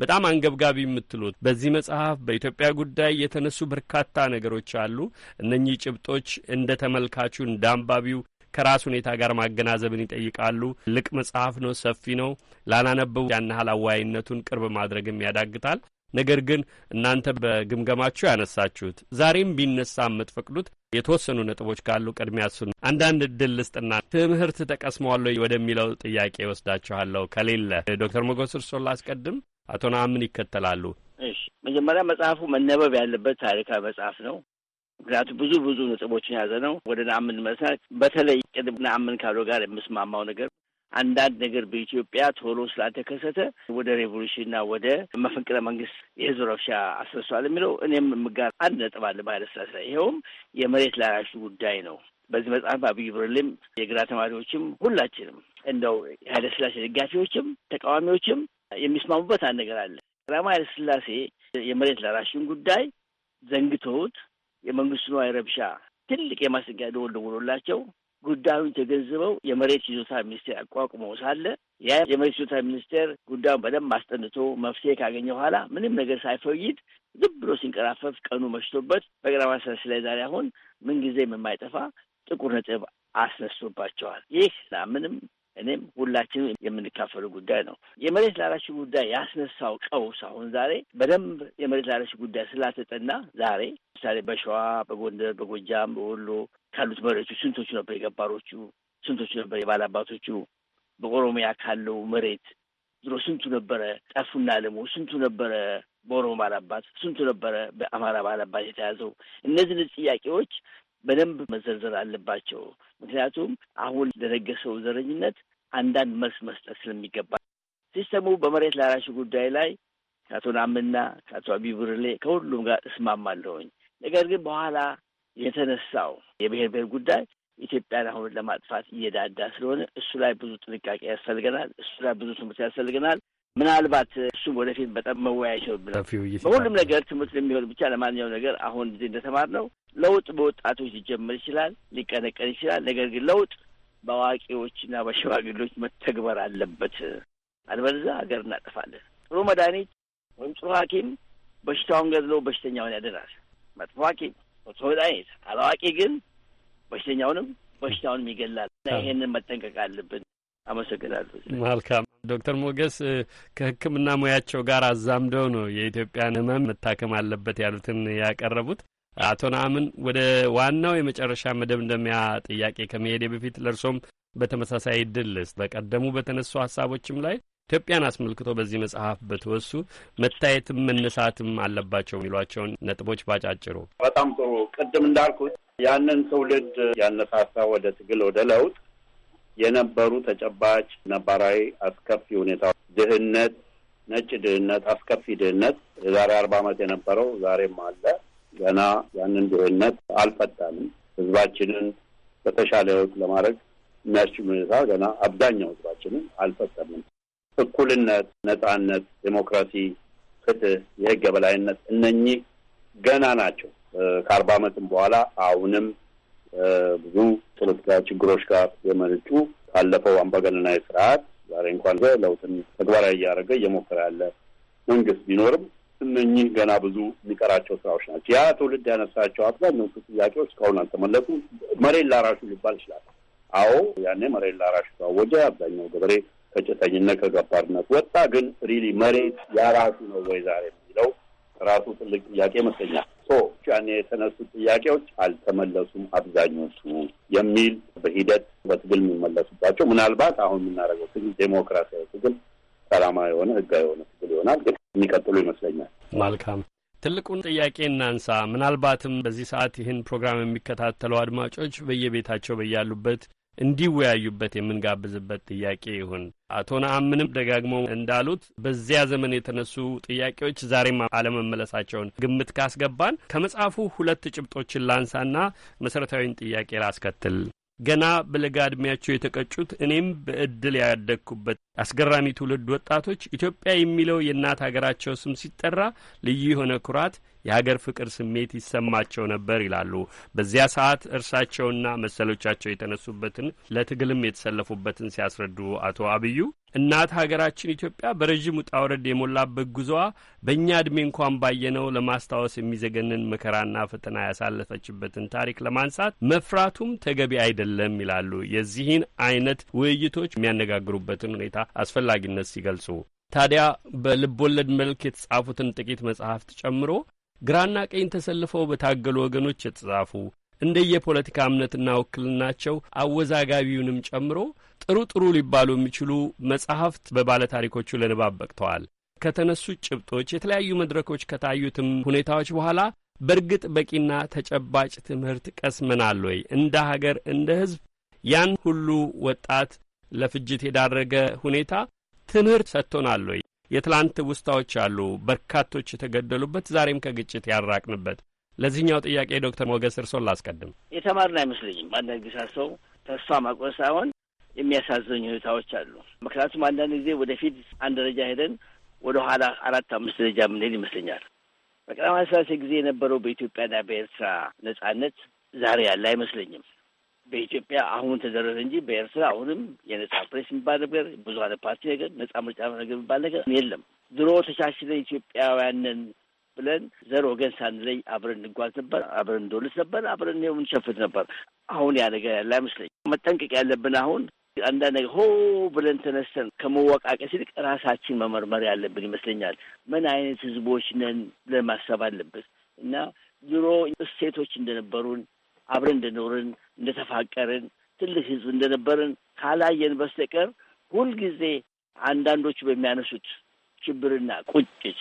በጣም አንገብጋቢ የምትሉት በዚህ መጽሐፍ በኢትዮጵያ ጉዳይ የተነሱ በርካታ ነገሮች አሉ። እነኚህ ጭብጦች እንደ ተመልካቹ እንደ አንባቢው ከራስ ሁኔታ ጋር ማገናዘብን ይጠይቃሉ። ልቅ መጽሐፍ ነው፣ ሰፊ ነው። ላላነበቡ ያን ያህል አዋይነቱን ቅርብ ማድረግም ያዳግታል። ነገር ግን እናንተ በግምገማችሁ ያነሳችሁት ዛሬም ቢነሳ የምትፈቅዱት የተወሰኑ ነጥቦች ካሉ ቅድሚያ እሱን አንዳንድ እድል ልስጥና ትምህርት ተቀስመዋለሁ ወደሚለው ጥያቄ ወስዳችኋለሁ። ከሌለ ዶክተር ሞገስ እርስዎን ላስቀድም፣ አቶ ነአምን ይከተላሉ። እሺ መጀመሪያ መጽሐፉ መነበብ ያለበት ታሪካዊ መጽሐፍ ነው። ምክንያቱም ብዙ ብዙ ነጥቦችን የያዘ ነው። ወደ ናምን መስራት በተለይ ቅድም ናምን ካለው ጋር የምስማማው ነገር አንዳንድ ነገር በኢትዮጵያ ቶሎ ስላልተከሰተ ወደ ሬቮሉሽንና ወደ መፈንቅለ መንግስት የህዝብ ረብሻ አስነሷል የሚለው እኔም የምጋር አንድ ነጥብ አለ በኃይለሥላሴ ላይ ይኸውም የመሬት ላራሹ ጉዳይ ነው። በዚህ መጽሐፍ አብይ ብርልም የግራ ተማሪዎችም ሁላችንም እንደው ኃይለሥላሴ ደጋፊዎችም ተቃዋሚዎችም የሚስማሙበት አንድ ነገር አለ። ቀዳማዊ ኃይለሥላሴ የመሬት ላራሹን ጉዳይ ዘንግተውት የመንግስቱ ዋይ ረብሻ ትልቅ የማስጠንቀቂያ ደወል ደውሎላቸው ጉዳዩን ተገንዝበው የመሬት ይዞታ ሚኒስቴር አቋቁመው ሳለ ያ የመሬት ይዞታ ሚኒስቴር ጉዳዩን በደንብ አስጠንቶ መፍትሄ ካገኘ በኋላ ምንም ነገር ሳይፈይድ ዝም ብሎ ሲንቀራፈፍ ቀኑ መሽቶበት በቀዳማዊ ኃይለ ሥላሴ ዛሬ አሁን ምንጊዜም የማይጠፋ ጥቁር ነጥብ አስነሱባቸዋል። ይህ ምንም እኔም ሁላችንም የምንካፈሉ ጉዳይ ነው። የመሬት ላራሽ ጉዳይ ያስነሳው ቀውስ አሁን ዛሬ በደንብ የመሬት ላራሽ ጉዳይ ስላተጠና ዛሬ ምሳሌ በሸዋ፣ በጎንደር፣ በጎጃም፣ በወሎ ካሉት መሬቱ ስንቶቹ ነበር የገባሮቹ? ስንቶቹ ነበር የባላባቶቹ? በኦሮሚያ ካለው መሬት ድሮ ስንቱ ነበረ ጠፉና አለሙ? ስንቱ ነበረ በኦሮሞ ባላባት? ስንቱ ነበረ በአማራ ባላባት የተያዘው? እነዚህን ጥያቄዎች በደንብ መዘርዘር አለባቸው። ምክንያቱም አሁን ለነገሰው ዘረኝነት አንዳንድ መልስ መስጠት ስለሚገባ ሲስተሙ በመሬት ላራሽ ጉዳይ ላይ ከአቶ ናምና ከአቶ አቢ ብርሌ ከሁሉም ጋር እስማማለሁኝ። ነገር ግን በኋላ የተነሳው የብሔር ብሔር ጉዳይ ኢትዮጵያን አሁን ለማጥፋት እየዳዳ ስለሆነ እሱ ላይ ብዙ ጥንቃቄ ያስፈልገናል። እሱ ላይ ብዙ ትምህርት ያስፈልገናል። ምናልባት እሱም ወደፊት በጣም መወያየት ይኖርብናል። በሁሉም ነገር ትምህርት የሚሆን ብቻ ለማንኛው ነገር አሁን ጊዜ እንደተማርነው ለውጥ በወጣቶች ሊጀመር ይችላል፣ ሊቀነቀን ይችላል። ነገር ግን ለውጥ በአዋቂዎችና በሽማግሌዎች መተግበር አለበት። አለበለዚያ ሀገር እናጠፋለን። ጥሩ መድኃኒት ወይም ጥሩ ሐኪም በሽታውን ገድሎ በሽተኛውን ያድናል። መጥፎ ሐኪም መጥፎ መድኃኒት፣ አላዋቂ ግን በሽተኛውንም በሽታውንም ይገላል ይሄንን መጠንቀቅ አለብን። አመሰግናለሁ። መልካም ዶክተር ሞገስ ከሕክምና ሙያቸው ጋር አዛምደው ነው የኢትዮጵያን ህመም መታከም አለበት ያሉትን ያቀረቡት። አቶ ናምን ወደ ዋናው የመጨረሻ እንደሚያ ጥያቄ ከመሄድ በፊት ለእርሶም በተመሳሳይ ድልስ በቀደሙ በተነሱ ሀሳቦችም ላይ ኢትዮጵያን አስመልክቶ በዚህ መጽሐፍ በተወሱ መታየትም መነሳትም አለባቸው የሚሏቸውን ነጥቦች ባጫጭሩ። በጣም ጥሩ። ቅድም እንዳልኩት ያንን ትውልድ ያነሳሳ ወደ ትግል ወደ ለውጥ የነበሩ ተጨባጭ ነባራዊ አስከፊ ሁኔታ ድህነት፣ ነጭ ድህነት፣ አስከፊ ድህነት የዛሬ አርባ ዓመት የነበረው ዛሬም አለ። ገና ያንን ድህነት አልፈታንም። ህዝባችንን በተሻለ ህይወት ለማድረግ የሚያስችል ሁኔታ ገና አብዛኛው ህዝባችንን አልፈጠምም። እኩልነት፣ ነጻነት፣ ዴሞክራሲ፣ ፍትህ፣ የህግ የበላይነት እነኚህ ገና ናቸው። ከአርባ ዓመትም በኋላ አሁንም ብዙ ፖለቲካ ችግሮች ጋር የመነጩ ካለፈው አምባገነናዊ ስርዓት ዛሬ እንኳን ለውጥን ተግባራዊ እያደረገ እየሞከረ ያለ መንግስት ቢኖርም እነኚህ ገና ብዙ የሚቀራቸው ስራዎች ናቸው። ያ ትውልድ ያነሳቸው አብዛኛው ጥያቄዎች እስካሁን አልተመለሱም። መሬት ላራሹ ሊባል ይችላል። አዎ ያኔ መሬት ላራሹ ታወጀ። አብዛኛው ገበሬ ከጭሰኝነት ከገባርነት ወጣ። ግን ሪሊ መሬት ያራሹ ነው ወይ ዛሬ የሚለው ራሱ ትልቅ ጥያቄ ይመስለኛል። ያኔ የተነሱ ጥያቄዎች አልተመለሱም አብዛኞቹ የሚል በሂደት በትግል የሚመለሱባቸው ምናልባት አሁን የምናደርገው ትግል ዴሞክራሲያዊ ትግል፣ ሰላማዊ የሆነ ህጋዊ የሆነ ትግል ይሆናል። ግን የሚቀጥሉ ይመስለኛል። መልካም ትልቁን ጥያቄ እናንሳ። ምናልባትም በዚህ ሰዓት ይህን ፕሮግራም የሚከታተሉ አድማጮች በየቤታቸው በያሉበት እንዲወያዩበት የምንጋብዝበት ጥያቄ ይሁን። አቶ ነአምንም ደጋግሞ እንዳሉት በዚያ ዘመን የተነሱ ጥያቄዎች ዛሬም አለመመለሳቸውን ግምት ካስገባን ከመጽሐፉ ሁለት ጭብጦችን ላንሳና መሠረታዊን ጥያቄ ላስከትል። ገና በለጋ ዕድሜያቸው የተቀጩት እኔም በእድል ያደግኩበት አስገራሚ ትውልድ ወጣቶች ኢትዮጵያ የሚለው የእናት ሀገራቸው ስም ሲጠራ ልዩ የሆነ ኩራት የሀገር ፍቅር ስሜት ይሰማቸው ነበር ይላሉ። በዚያ ሰዓት እርሳቸውና መሰሎቻቸው የተነሱበትን ለትግልም የተሰለፉበትን ሲያስረዱ አቶ አብዩ እናት ሀገራችን ኢትዮጵያ በረዥም ውጣ ውረድ የሞላበት ጉዞዋ በእኛ እድሜ እንኳን ባየነው ለማስታወስ የሚዘገንን መከራና ፈተና ያሳለፈችበትን ታሪክ ለማንሳት መፍራቱም ተገቢ አይደለም ይላሉ። የዚህን አይነት ውይይቶች የሚያነጋግሩበትን ሁኔታ አስፈላጊነት ሲገልጹ ታዲያ በልብ ወለድ መልክ የተጻፉትን ጥቂት መጽሐፍት ጨምሮ ግራና ቀኝ ተሰልፈው በታገሉ ወገኖች የተጻፉ እንደየፖለቲካ እምነትና ውክልናቸው አወዛጋቢውንም ጨምሮ ጥሩ ጥሩ ሊባሉ የሚችሉ መጽሐፍት በባለታሪኮቹ ለንባብ በቅተዋል። ከተነሱት ጭብጦች፣ የተለያዩ መድረኮች ከታዩትም ሁኔታዎች በኋላ በእርግጥ በቂና ተጨባጭ ትምህርት ቀስመናል ወይ? እንደ ሀገር፣ እንደ ሕዝብ ያን ሁሉ ወጣት ለፍጅት የዳረገ ሁኔታ ትምህርት ሰጥቶናል ወይ? የትላንት ውስታዎች አሉ፣ በርካቶች የተገደሉበት ዛሬም ከግጭት ያራቅንበት። ለዚህኛው ጥያቄ ዶክተር ሞገስ እርሶን ላስቀድም። የተማርን አይመስለኝም። አንዳንድ ጊዜ ሰው ተስፋ ማቆስ ሳይሆን የሚያሳዝኝ ሁኔታዎች አሉ። ምክንያቱም አንዳንድ ጊዜ ወደፊት አንድ ደረጃ ሄደን ወደ ኋላ አራት አምስት ደረጃ የምንሄድ ይመስለኛል። በቀዳማዊ ሥላሴ ጊዜ የነበረው በኢትዮጵያና በኤርትራ ነጻነት ዛሬ ያለ አይመስለኝም። በኢትዮጵያ አሁን ተደረሰ እንጂ በኤርትራ አሁንም የነጻ ፕሬስ የሚባል ነገር፣ ብዙኃን ፓርቲ ነገር፣ ነጻ ምርጫ ነገር የሚባል ነገር የለም። ድሮ ተቻችለን ኢትዮጵያውያንን ብለን ዘር ወገን ሳንለይ አብረን እንጓዝ ነበር፣ አብረን እንደወልስ ነበር፣ አብረን እንሸፍት ነበር። አሁን ያ ነገር ያለ አይመስለኝ። መጠንቀቅ ያለብን አሁን አንዳንድ ነገር ሆ ብለን ተነስተን ከመወቃቀስ ይልቅ ራሳችን መመርመር ያለብን ይመስለኛል። ምን አይነት ህዝቦች ነን ብለን ማሰብ አለብን እና ድሮ እሴቶች እንደነበሩን አብረን እንደኖርን እንደተፋቀርን ትልቅ ህዝብ እንደነበርን ካላየን በስተቀር ሁልጊዜ አንዳንዶቹ በሚያነሱት ችብርና ቁጭት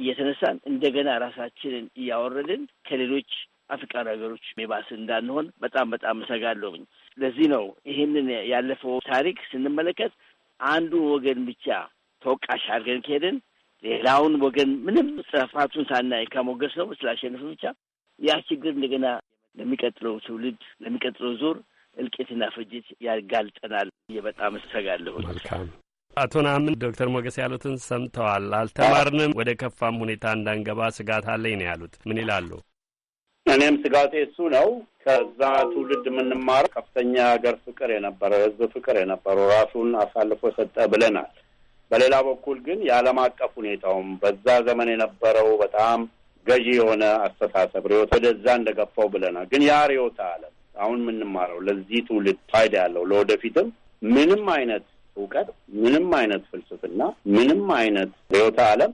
እየተነሳን እንደገና ራሳችንን እያወረድን ከሌሎች አፍሪካን ሀገሮች የባስን እንዳንሆን በጣም በጣም እሰጋለሁኝ። ለዚህ ነው ይህንን ያለፈው ታሪክ ስንመለከት አንዱ ወገን ብቻ ተወቃሽ አድርገን ከሄድን ሌላውን ወገን ምንም ጥፋቱን ሳናይ ከሞገስ ነው ስላሸንፍ ብቻ ያ ችግር እንደገና ለሚቀጥለው ትውልድ ለሚቀጥለው ዙር እልቂትና ፍጅት ያጋልጠናል ብዬ እሰጋለሁ። መልካም አቶ ናምን ዶክተር ሞገስ ያሉትን ሰምተዋል። አልተማርንም፣ ወደ ከፋም ሁኔታ እንዳንገባ ስጋት አለኝ ነው ያሉት። ምን ይላሉ? እኔም ስጋቴ እሱ ነው። ከዛ ትውልድ የምንማረው ከፍተኛ ሀገር ፍቅር የነበረው ህዝብ ፍቅር የነበረው ራሱን አሳልፎ ሰጠ ብለናል። በሌላ በኩል ግን የዓለም አቀፍ ሁኔታውም በዛ ዘመን የነበረው በጣም ገዢ የሆነ አስተሳሰብ ርዕዮት ወደዛ እንደገፋው ብለናል። ግን ያ ርዕዮተ ዓለም አሁን የምንማረው ለዚህ ትውልድ ፋይዳ ያለው ለወደፊትም ምንም አይነት እውቀት፣ ምንም አይነት ፍልስፍና፣ ምንም አይነት ርዕዮተ ዓለም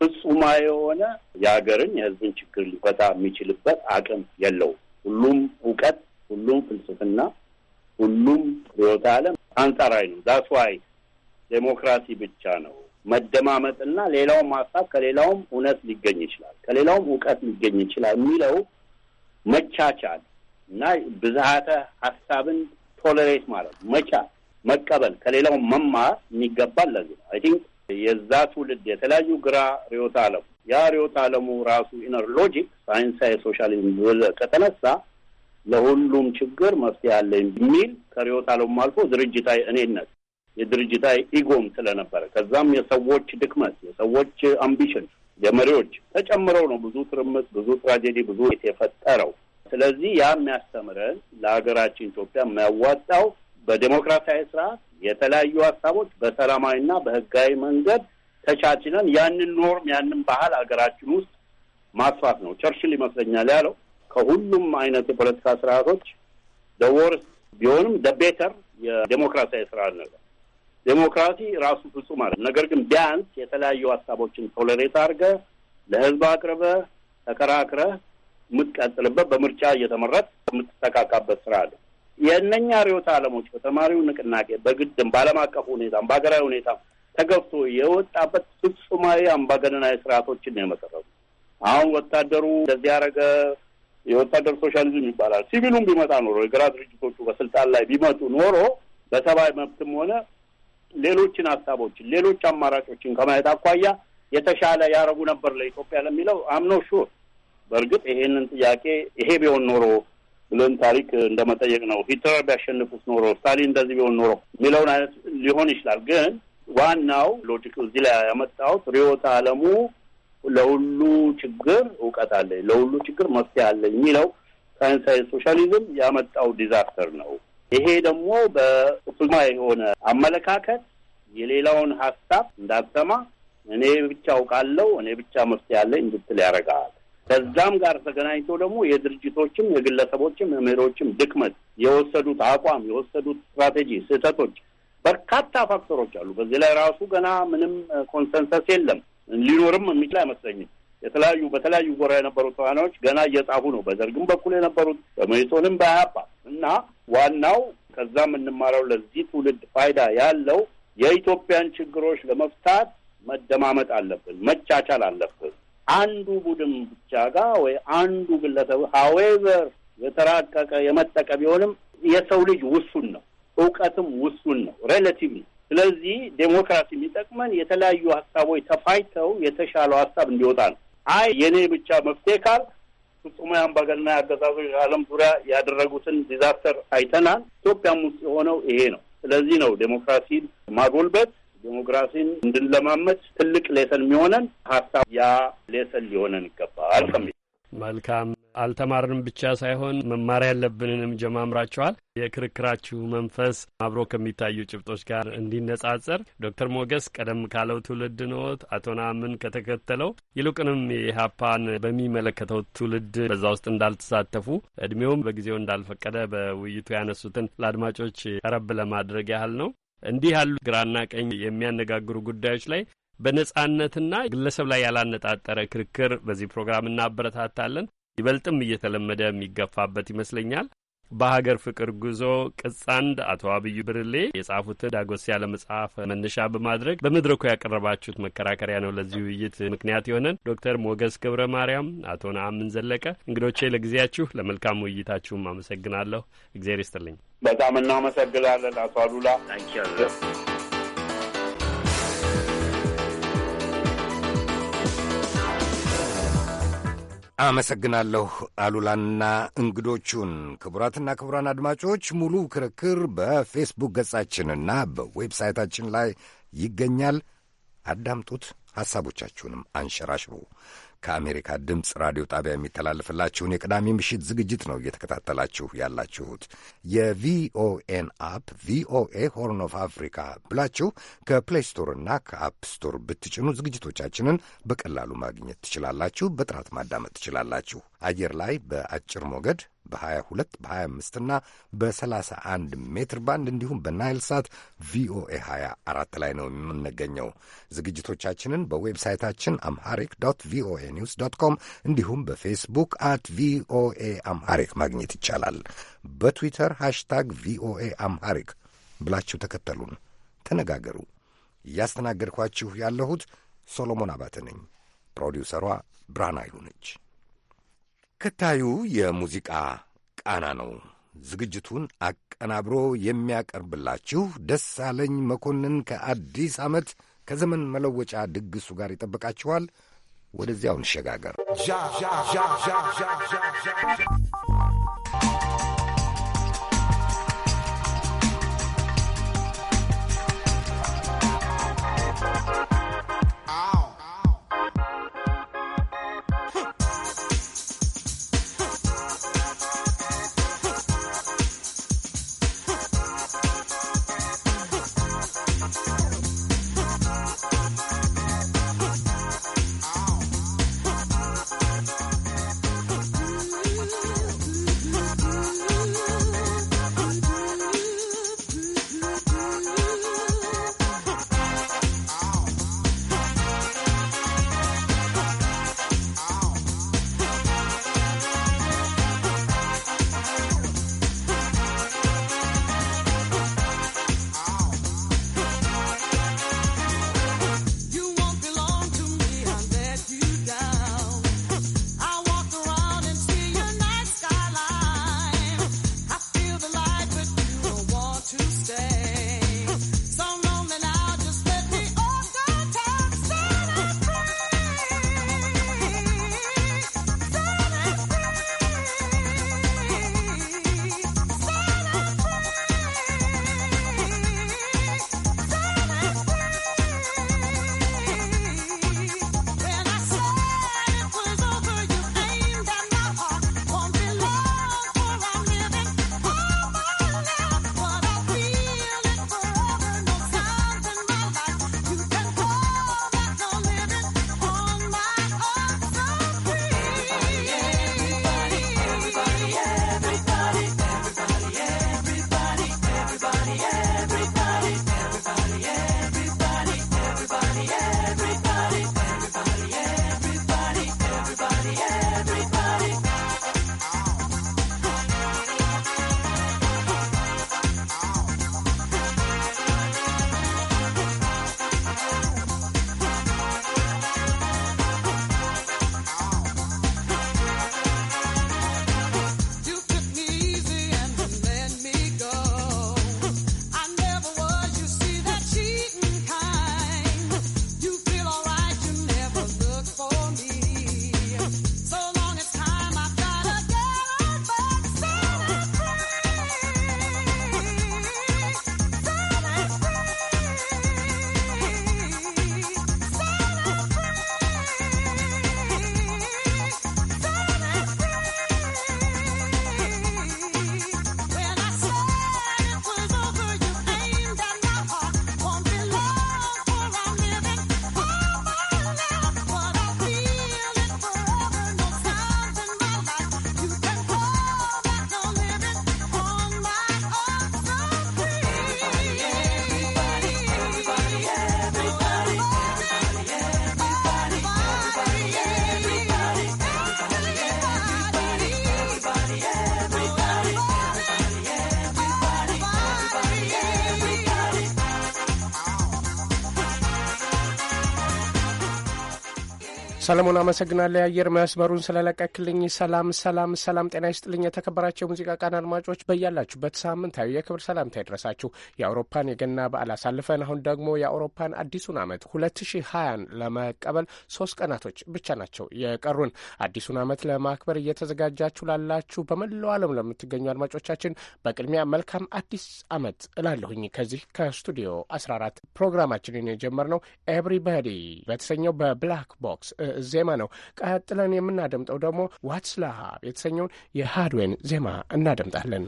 ፍጹማ የሆነ የሀገርን የህዝብን ችግር ሊፈታ የሚችልበት አቅም የለው ሁሉም እውቀት፣ ሁሉም ፍልስፍና፣ ሁሉም ርዕዮተ ዓለም አንጻራዊ ነው። ዛስዋይ ዴሞክራሲ ብቻ ነው መደማመጥና ሌላውም ሀሳብ ከሌላውም እውነት ሊገኝ ይችላል፣ ከሌላውም እውቀት ሊገኝ ይችላል የሚለው መቻቻል እና ብዝሃተ ሀሳብን ቶለሬት ማለት መቻል፣ መቀበል፣ ከሌላው መማር የሚገባል። ለዚህ ነው አይ ቲንክ የዛ ትውልድ የተለያዩ ግራ ሪዮት አለሙ ያ ሪዮት አለሙ ራሱ ኢነር ሎጂክ ሳይንሳ የሶሻሊዝም ሶሻሊዝም ከተነሳ ለሁሉም ችግር መፍትሄ አለ የሚል ከሪዮት አለሙ አልፎ ድርጅታዊ እኔነት የድርጅታዊ ኢጎም ስለነበረ ከዛም የሰዎች ድክመት፣ የሰዎች አምቢሽን፣ የመሪዎች ተጨምረው ነው ብዙ ትርምስ፣ ብዙ ትራጀዲ፣ ብዙ የፈጠረው። ስለዚህ ያ የሚያስተምረን ለሀገራችን ኢትዮጵያ የሚያዋጣው በዴሞክራሲያዊ ስርዓት የተለያዩ ሀሳቦች በሰላማዊና በህጋዊ መንገድ ተቻችለን ያንን ኖርም ያንን ባህል ሀገራችን ውስጥ ማስፋት ነው። ቸርችል ይመስለኛል ያለው ከሁሉም አይነት የፖለቲካ ስርዓቶች ደወርስ ቢሆንም ደቤተር የዴሞክራሲያዊ ስርዓት ነገር ዴሞክራሲ ራሱ ፍጹም አለ። ነገር ግን ቢያንስ የተለያዩ ሀሳቦችን ቶለሬት አድርገ ለህዝብ አቅርበ ተከራክረ የምትቀጥልበት በምርጫ እየተመረት የምትተካካበት ስራ አለ። የእነኛ ርዕዮተ ዓለሞች በተማሪው ንቅናቄ በግድም በዓለም አቀፉ ሁኔታም በሀገራዊ ሁኔታም ተገብቶ የወጣበት ፍጹማዊ አምባገነናዊ ስርዓቶችን ነው የመሰረቱ። አሁን ወታደሩ እንደዚህ ያደረገ የወታደር ሶሻሊዝም ይባላል። ሲቪሉም ቢመጣ ኖሮ የግራ ድርጅቶቹ በስልጣን ላይ ቢመጡ ኖሮ በሰብአዊ መብትም ሆነ ሌሎችን ሀሳቦችን ሌሎች አማራጮችን ከማየት አኳያ የተሻለ ያረጉ ነበር ለኢትዮጵያ ለሚለው አምኖ ሹር በእርግጥ ይሄንን ጥያቄ ይሄ ቢሆን ኖሮ ብለን ታሪክ እንደመጠየቅ ነው። ሂትለር ቢያሸንፉት ኖሮ፣ ስታሊን እንደዚህ ቢሆን ኖሮ የሚለውን አይነት ሊሆን ይችላል። ግን ዋናው ሎጂክ እዚህ ላይ ያመጣሁት ርዕዮተ ዓለሙ ለሁሉ ችግር እውቀት አለኝ፣ ለሁሉ ችግር መፍትሄ አለኝ የሚለው ሳይንሳዊ ሶሻሊዝም ያመጣው ዲዛስተር ነው ይሄ ደግሞ በቁስማ የሆነ አመለካከት የሌላውን ሀሳብ እንዳትሰማ እኔ ብቻ አውቃለሁ፣ እኔ ብቻ መፍትሄ አለኝ እንድትል ያደርጋል። ከዛም ጋር ተገናኝቶ ደግሞ የድርጅቶችም የግለሰቦችም የመሪዎችም ድክመት፣ የወሰዱት አቋም፣ የወሰዱት ስትራቴጂ ስህተቶች፣ በርካታ ፋክተሮች አሉ። በዚህ ላይ ራሱ ገና ምንም ኮንሰንሰስ የለም፣ ሊኖርም የሚችል አይመስለኝም። የተለያዩ በተለያዩ ጎራ የነበሩ ተዋናዮች ገና እየጻፉ ነው። በደርግም በኩል የነበሩት በመኢሶንም በአያባ እና ዋናው ከዛ የምንማረው ለዚህ ትውልድ ፋይዳ ያለው የኢትዮጵያን ችግሮች ለመፍታት መደማመጥ አለብን፣ መቻቻል አለብን። አንዱ ቡድን ብቻ ጋር ወይ አንዱ ግለሰብ ሀዌቨር የተራቀቀ የመጠቀ ቢሆንም የሰው ልጅ ውሱን ነው፣ እውቀትም ውሱን ነው፣ ሬሌቲቭ ነው። ስለዚህ ዴሞክራሲ የሚጠቅመን የተለያዩ ሀሳቦች ተፋይተው የተሻለው ሀሳብ እንዲወጣ ነው። አይ የኔ ብቻ መፍትሄ ካል ፍጹም አምባገነን አገዛዞች ዓለም ዙሪያ ያደረጉትን ዲዛስተር አይተናል። ኢትዮጵያም ውስጥ የሆነው ይሄ ነው። ስለዚህ ነው ዴሞክራሲን ማጎልበት ዴሞክራሲን እንድንለማመድ ትልቅ ሌሰን የሚሆነን ሀሳብ ያ ሌሰን ሊሆነን ይገባል ከሚ መልካም አልተማርንም ብቻ ሳይሆን መማር ያለብንንም ጀማምራችኋል። የክርክራችሁ መንፈስ አብሮ ከሚታዩ ጭብጦች ጋር እንዲነጻጸር ዶክተር ሞገስ ቀደም ካለው ትውልድ ኖት፣ አቶ ናምን ከተከተለው ይልቁንም የሀፓን በሚመለከተው ትውልድ በዛ ውስጥ እንዳልተሳተፉ እድሜውም በጊዜው እንዳልፈቀደ በውይይቱ ያነሱትን ለአድማጮች ረብ ለማድረግ ያህል ነው። እንዲህ ያሉ ግራና ቀኝ የሚያነጋግሩ ጉዳዮች ላይ በነጻነትና ግለሰብ ላይ ያላነጣጠረ ክርክር በዚህ ፕሮግራም እናበረታታለን። ይበልጥም እየተለመደ የሚገፋበት ይመስለኛል። በሀገር ፍቅር ጉዞ ቅጽ አንድ አቶ አብዩ ብርሌ የጻፉትን ዳጎስ ያለ መጽሐፍ መነሻ በማድረግ በመድረኩ ያቀረባችሁት መከራከሪያ ነው ለዚህ ውይይት ምክንያት የሆነን። ዶክተር ሞገስ ገብረ ማርያም፣ አቶ ነአምን ዘለቀ እንግዶቼ ለጊዜያችሁ ለመልካም ውይይታችሁም አመሰግናለሁ። እግዜር ይስጥልኝ። በጣም እናመሰግናለን አቶ አሉላ። አመሰግናለሁ አሉላና እንግዶቹን። ክቡራትና ክቡራን አድማጮች ሙሉ ክርክር በፌስቡክ ገጻችንና በዌብሳይታችን ላይ ይገኛል። አዳምጡት፣ ሐሳቦቻችሁንም አንሸራሽሩ። ከአሜሪካ ድምፅ ራዲዮ ጣቢያ የሚተላለፍላችሁን የቅዳሜ ምሽት ዝግጅት ነው እየተከታተላችሁ ያላችሁት። የቪኦኤን አፕ ቪኦኤ ሆርን ኦፍ አፍሪካ ብላችሁ ከፕሌይ ስቶርና ከአፕ ስቶር ብትጭኑ ዝግጅቶቻችንን በቀላሉ ማግኘት ትችላላችሁ፣ በጥራት ማዳመጥ ትችላላችሁ። አየር ላይ በአጭር ሞገድ በ22 በ25 እና በ31 ሜትር ባንድ እንዲሁም በናይል ሳት ቪኦኤ 24 ላይ ነው የምንገኘው። ዝግጅቶቻችንን በዌብሳይታችን አምሃሪክ ዶት ቪኦኤ ኒውስ ዶት ኮም እንዲሁም በፌስቡክ አት ቪኦኤ አምሃሪክ ማግኘት ይቻላል። በትዊተር ሃሽታግ ቪኦኤ አምሃሪክ ብላችሁ ተከተሉን፣ ተነጋገሩ። እያስተናገድኳችሁ ያለሁት ሶሎሞን አባተ ነኝ። ፕሮዲውሰሯ ብርሃን ኃይሉ ነች። ተከታዩ የሙዚቃ ቃና ነው። ዝግጅቱን አቀናብሮ የሚያቀርብላችሁ ደሳለኝ መኮንን ከአዲስ ዓመት ከዘመን መለወጫ ድግሱ ጋር ይጠብቃችኋል። ወደዚያው እንሸጋገር። ሰለሞን አመሰግናለሁ። የአየር መስመሩን ስለለቀክልኝ። ሰላም ሰላም ሰላም፣ ጤና ይስጥልኝ። የተከበራቸው የሙዚቃ ቃና አድማጮች በያላችሁበት ሳምንታዊ የክብር ሰላምታ ይድረሳችሁ። የአውሮፓን የገና በዓል አሳልፈን አሁን ደግሞ የአውሮፓን አዲሱን ዓመት 2020ን ለመቀበል ሶስት ቀናቶች ብቻ ናቸው የቀሩን። አዲሱን ዓመት ለማክበር እየተዘጋጃችሁ ላላችሁ በመላው ዓለም ለምትገኙ አድማጮቻችን በቅድሚያ መልካም አዲስ ዓመት እላለሁኝ። ከዚህ ከስቱዲዮ 14 ፕሮግራማችንን የጀመርነው ኤቭሪባዲ በተሰኘው በብላክ ቦክስ ዜማ ነው። ቀጥለን የምናደምጠው ደግሞ ዋትስ ለሃብ የተሰኘውን የሃድዌን ዜማ እናደምጣለን።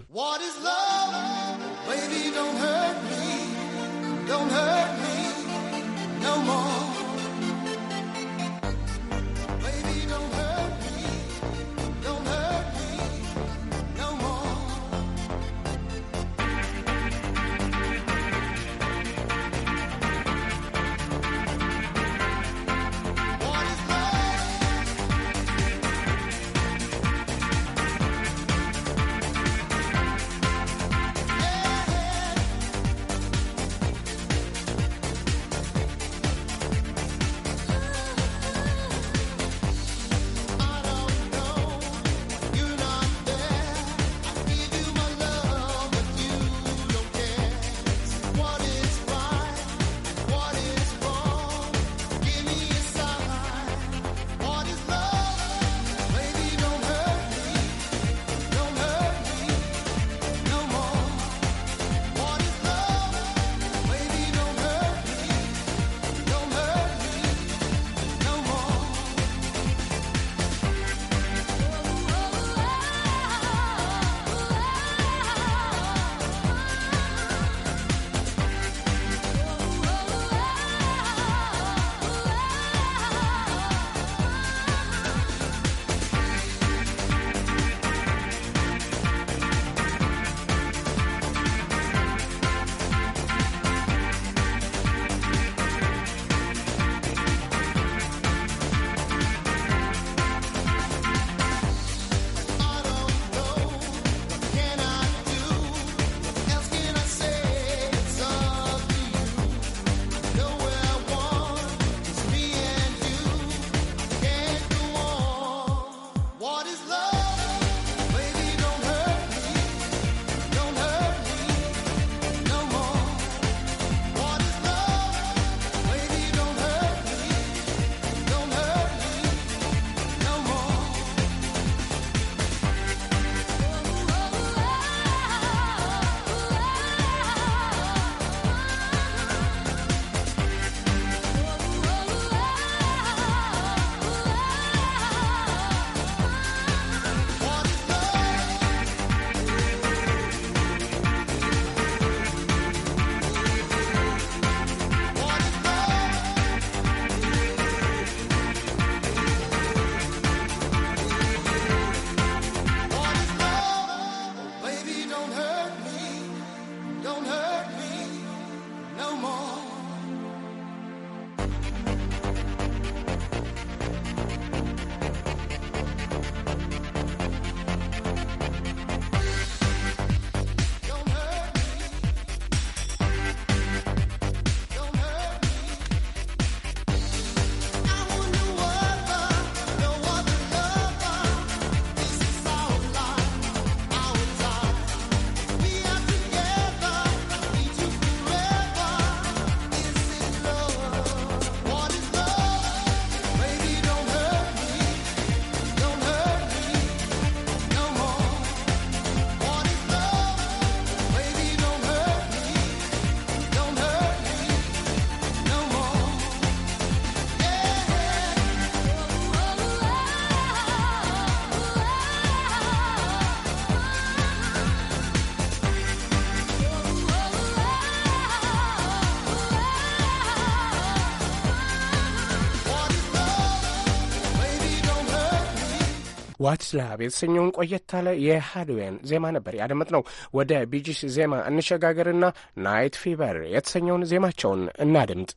ዋትስ ላቭ የተሰኘውን ቆየት ያለ የሃድዌን ዜማ ነበር ያደመጥነው። ወደ ቢጂስ ዜማ እንሸጋገርና ናይት ፊቨር የተሰኘውን ዜማቸውን እናድምጥ።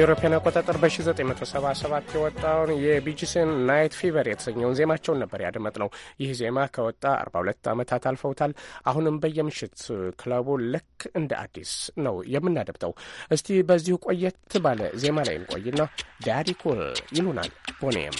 አውሮፓውያን አቆጣጠር በ1977 የወጣውን የቢጂስን ናይት ፊቨር የተሰኘውን ዜማቸውን ነበር ያደመጥ ነው። ይህ ዜማ ከወጣ 42 ዓመታት አልፈውታል። አሁንም በየምሽት ክለቡ ልክ እንደ አዲስ ነው የምናደብጠው። እስቲ በዚሁ ቆየት ባለ ዜማ ላይ እንቆይና ዳዲ ኩል ይሉናል ቦኔም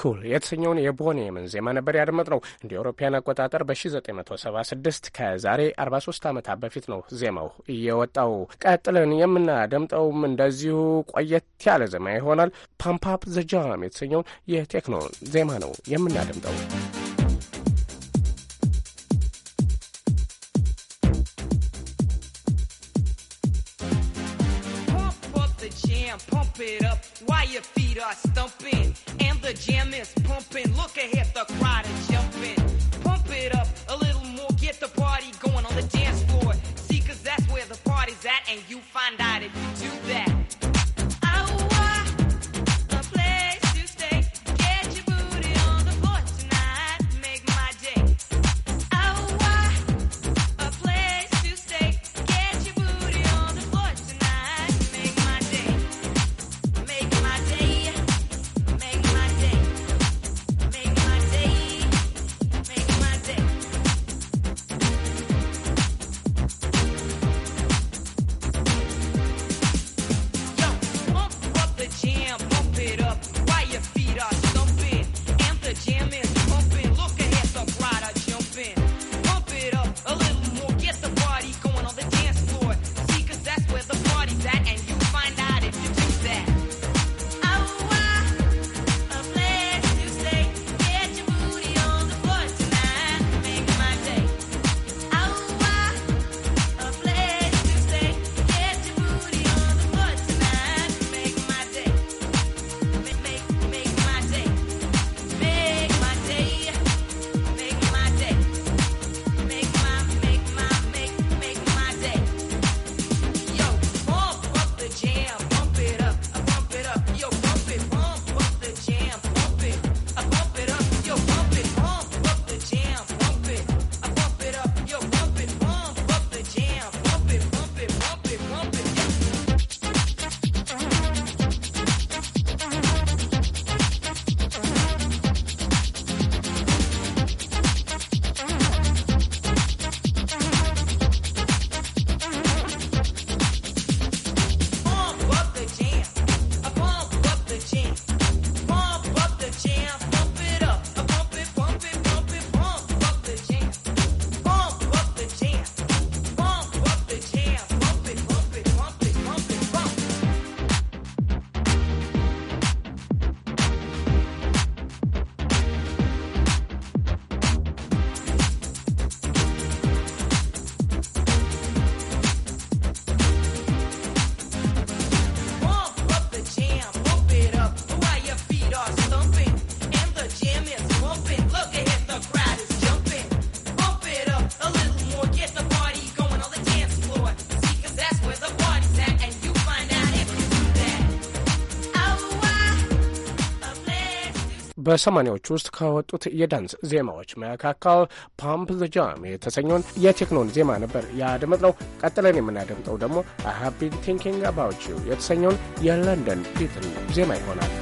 ኩል የተሰኘውን የቦኔ ዜማ ነበር ያደመጥነው። እንደ አውሮፓውያን አቆጣጠር በ1976 ከዛሬ 43 ዓመታት በፊት ነው ዜማው እየወጣው። ቀጥልን የምናደምጠውም እንደዚሁ ቆየት ያለ ዜማ ይሆናል። ፓምፓፕ ዘጃም የተሰኘውን የቴክኖ ዜማ ነው የምናደምጠው። Pump it up while your feet are stumping. this pumping. Look ahead, the crowd is jumping. Pump it up a little more, get the party going on the dance floor. See, cause that's where the party's at, and you find out if በሰማኒያዎች ውስጥ ከወጡት የዳንስ ዜማዎች መካከል ፓምፕ ዘ ጃም የተሰኘውን የቴክኖን ዜማ ነበር ያደመጥነው። ቀጥለን የምናደምጠው ደግሞ አይ ሃቭ ቢን ቲንኪንግ አባውት ዩ የተሰኘውን የለንደን ቢትን ዜማ ይሆናል።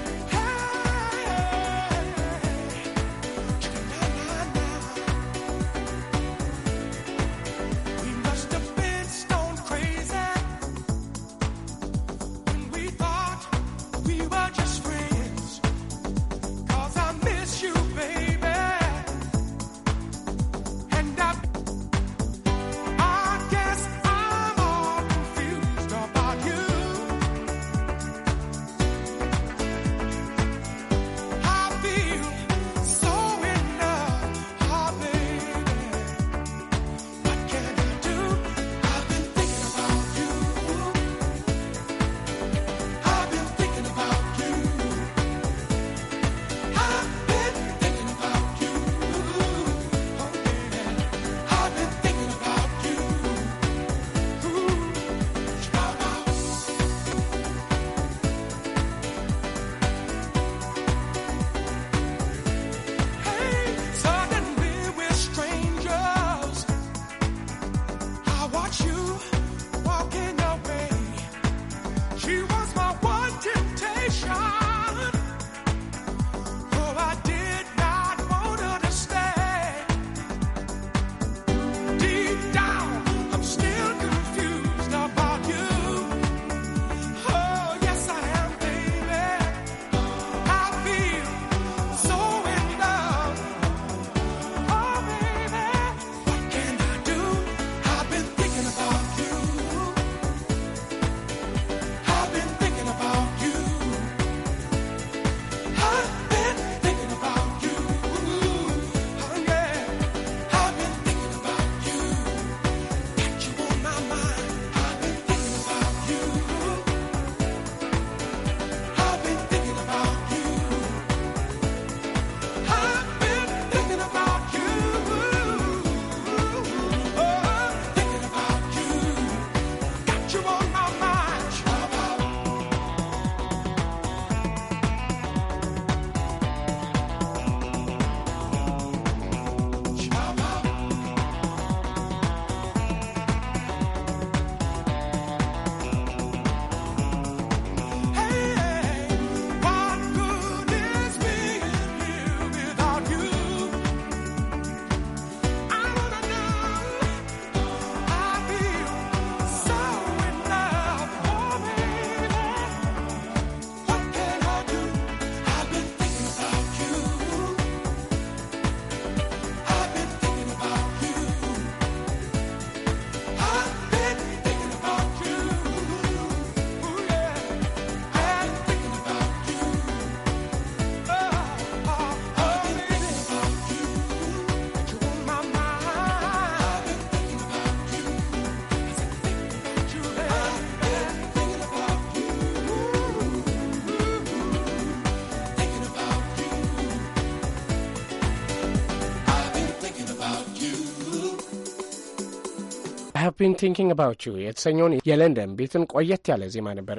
ሃቭ ቢን ቲንኪንግ አባውት ዩ የተሰኘውን የለንደን ቤትን ቆየት ያለ ዜማ ነበር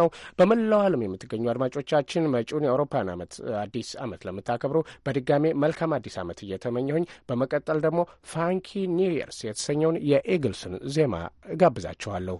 ነው በመላው ዓለም የምትገኙ አድማጮቻችን መጪውን የአውሮፓን ዓመት አዲስ ዓመት ለምታከብሩ በድጋሜ መልካም አዲስ ዓመት እየተመኘሁኝ በመቀጠል ደግሞ ፋንኪ ኒው የተሰኘውን የኤግልስን ዜማ እጋብዛችኋለሁ።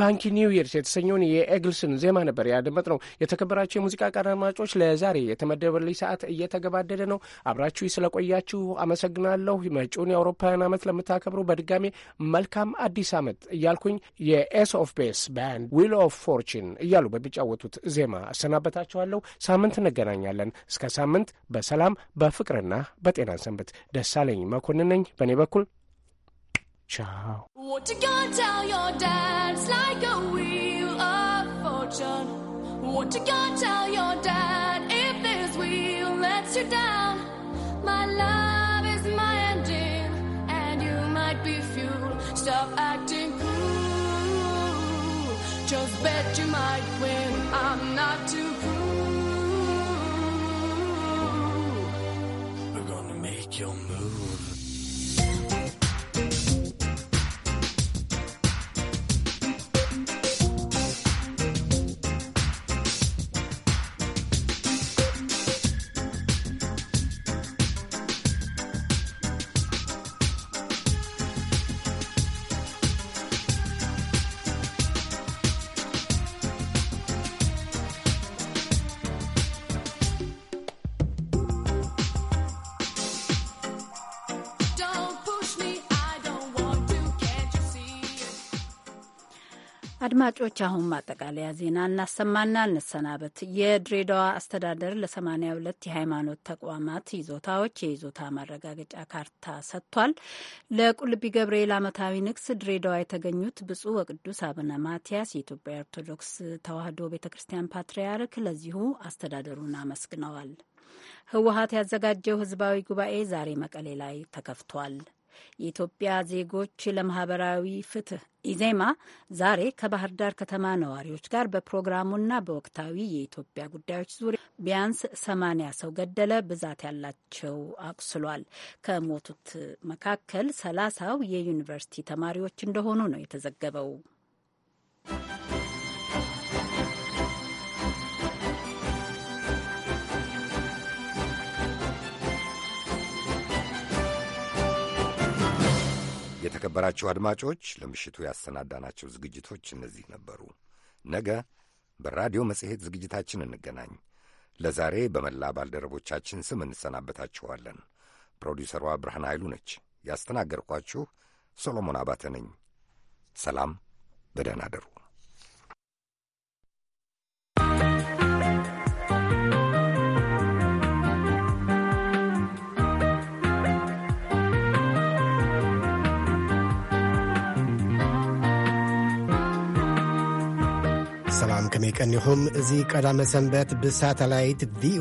ፋንኪ ኒው ይርስ የተሰኘውን የኤግልስን ዜማ ነበር ያደመጥ ነው። የተከበራችሁ የሙዚቃ ቀን አድማጮች ለዛሬ የተመደበልኝ ሰዓት እየተገባደደ ነው። አብራችሁ ስለቆያችሁ አመሰግናለሁ። መጪውን የአውሮፓውያን ዓመት ለምታከብሩ በድጋሜ መልካም አዲስ ዓመት እያልኩኝ የኤስ ኦፍ ቤስ ባንድ ዊል ኦፍ ፎርችን እያሉ በሚጫወቱት ዜማ አሰናበታችኋለሁ። ሳምንት እንገናኛለን። እስከ ሳምንት በሰላም በፍቅርና በጤና ሰንበት። ደሳለኝ መኮንን ነኝ በእኔ በኩል Ciao. What you gonna tell your dad? It's like a wheel of fortune. What you gonna tell your dad if this wheel lets you down? My love is my ending, and you might be fuel. Stop acting cool. Just bet you might win. I'm not too cool. We're gonna make your አድማጮች አሁን ማጠቃለያ ዜና እናሰማና እንሰናበት። የድሬዳዋ አስተዳደር ለ82 የሃይማኖት ተቋማት ይዞታዎች የይዞታ ማረጋገጫ ካርታ ሰጥቷል። ለቁልቢ ገብርኤል ዓመታዊ ንግስ ድሬዳዋ የተገኙት ብፁዕ ወቅዱስ አቡነ ማትያስ የኢትዮጵያ ኦርቶዶክስ ተዋህዶ ቤተ ክርስቲያን ፓትርያርክ ለዚሁ አስተዳደሩን አመስግነዋል። ህወሀት ያዘጋጀው ህዝባዊ ጉባኤ ዛሬ መቀሌ ላይ ተከፍቷል። የኢትዮጵያ ዜጎች ለማህበራዊ ፍትህ ኢዜማ ዛሬ ከባህር ዳር ከተማ ነዋሪዎች ጋር በፕሮግራሙና በወቅታዊ የኢትዮጵያ ጉዳዮች ዙሪያ ቢያንስ ሰማንያ ሰው ገደለ፣ ብዛት ያላቸው አቁስሏል። ከሞቱት መካከል ሰላሳው የዩኒቨርሲቲ ተማሪዎች እንደሆኑ ነው የተዘገበው። የተከበራችሁ አድማጮች ለምሽቱ ያሰናዳናቸው ዝግጅቶች እነዚህ ነበሩ። ነገ በራዲዮ መጽሔት ዝግጅታችን እንገናኝ። ለዛሬ በመላ ባልደረቦቻችን ስም እንሰናበታችኋለን። ፕሮዲውሰሯ ብርሃን ኃይሉ ነች። ያስተናገርኳችሁ ሰሎሞን አባተ ነኝ። ሰላም፣ በደህና አደሩ። ሰላም ከመይ ቀኒኹም እዚ ቀዳመ ሰንበት ብሳተላይት ቪ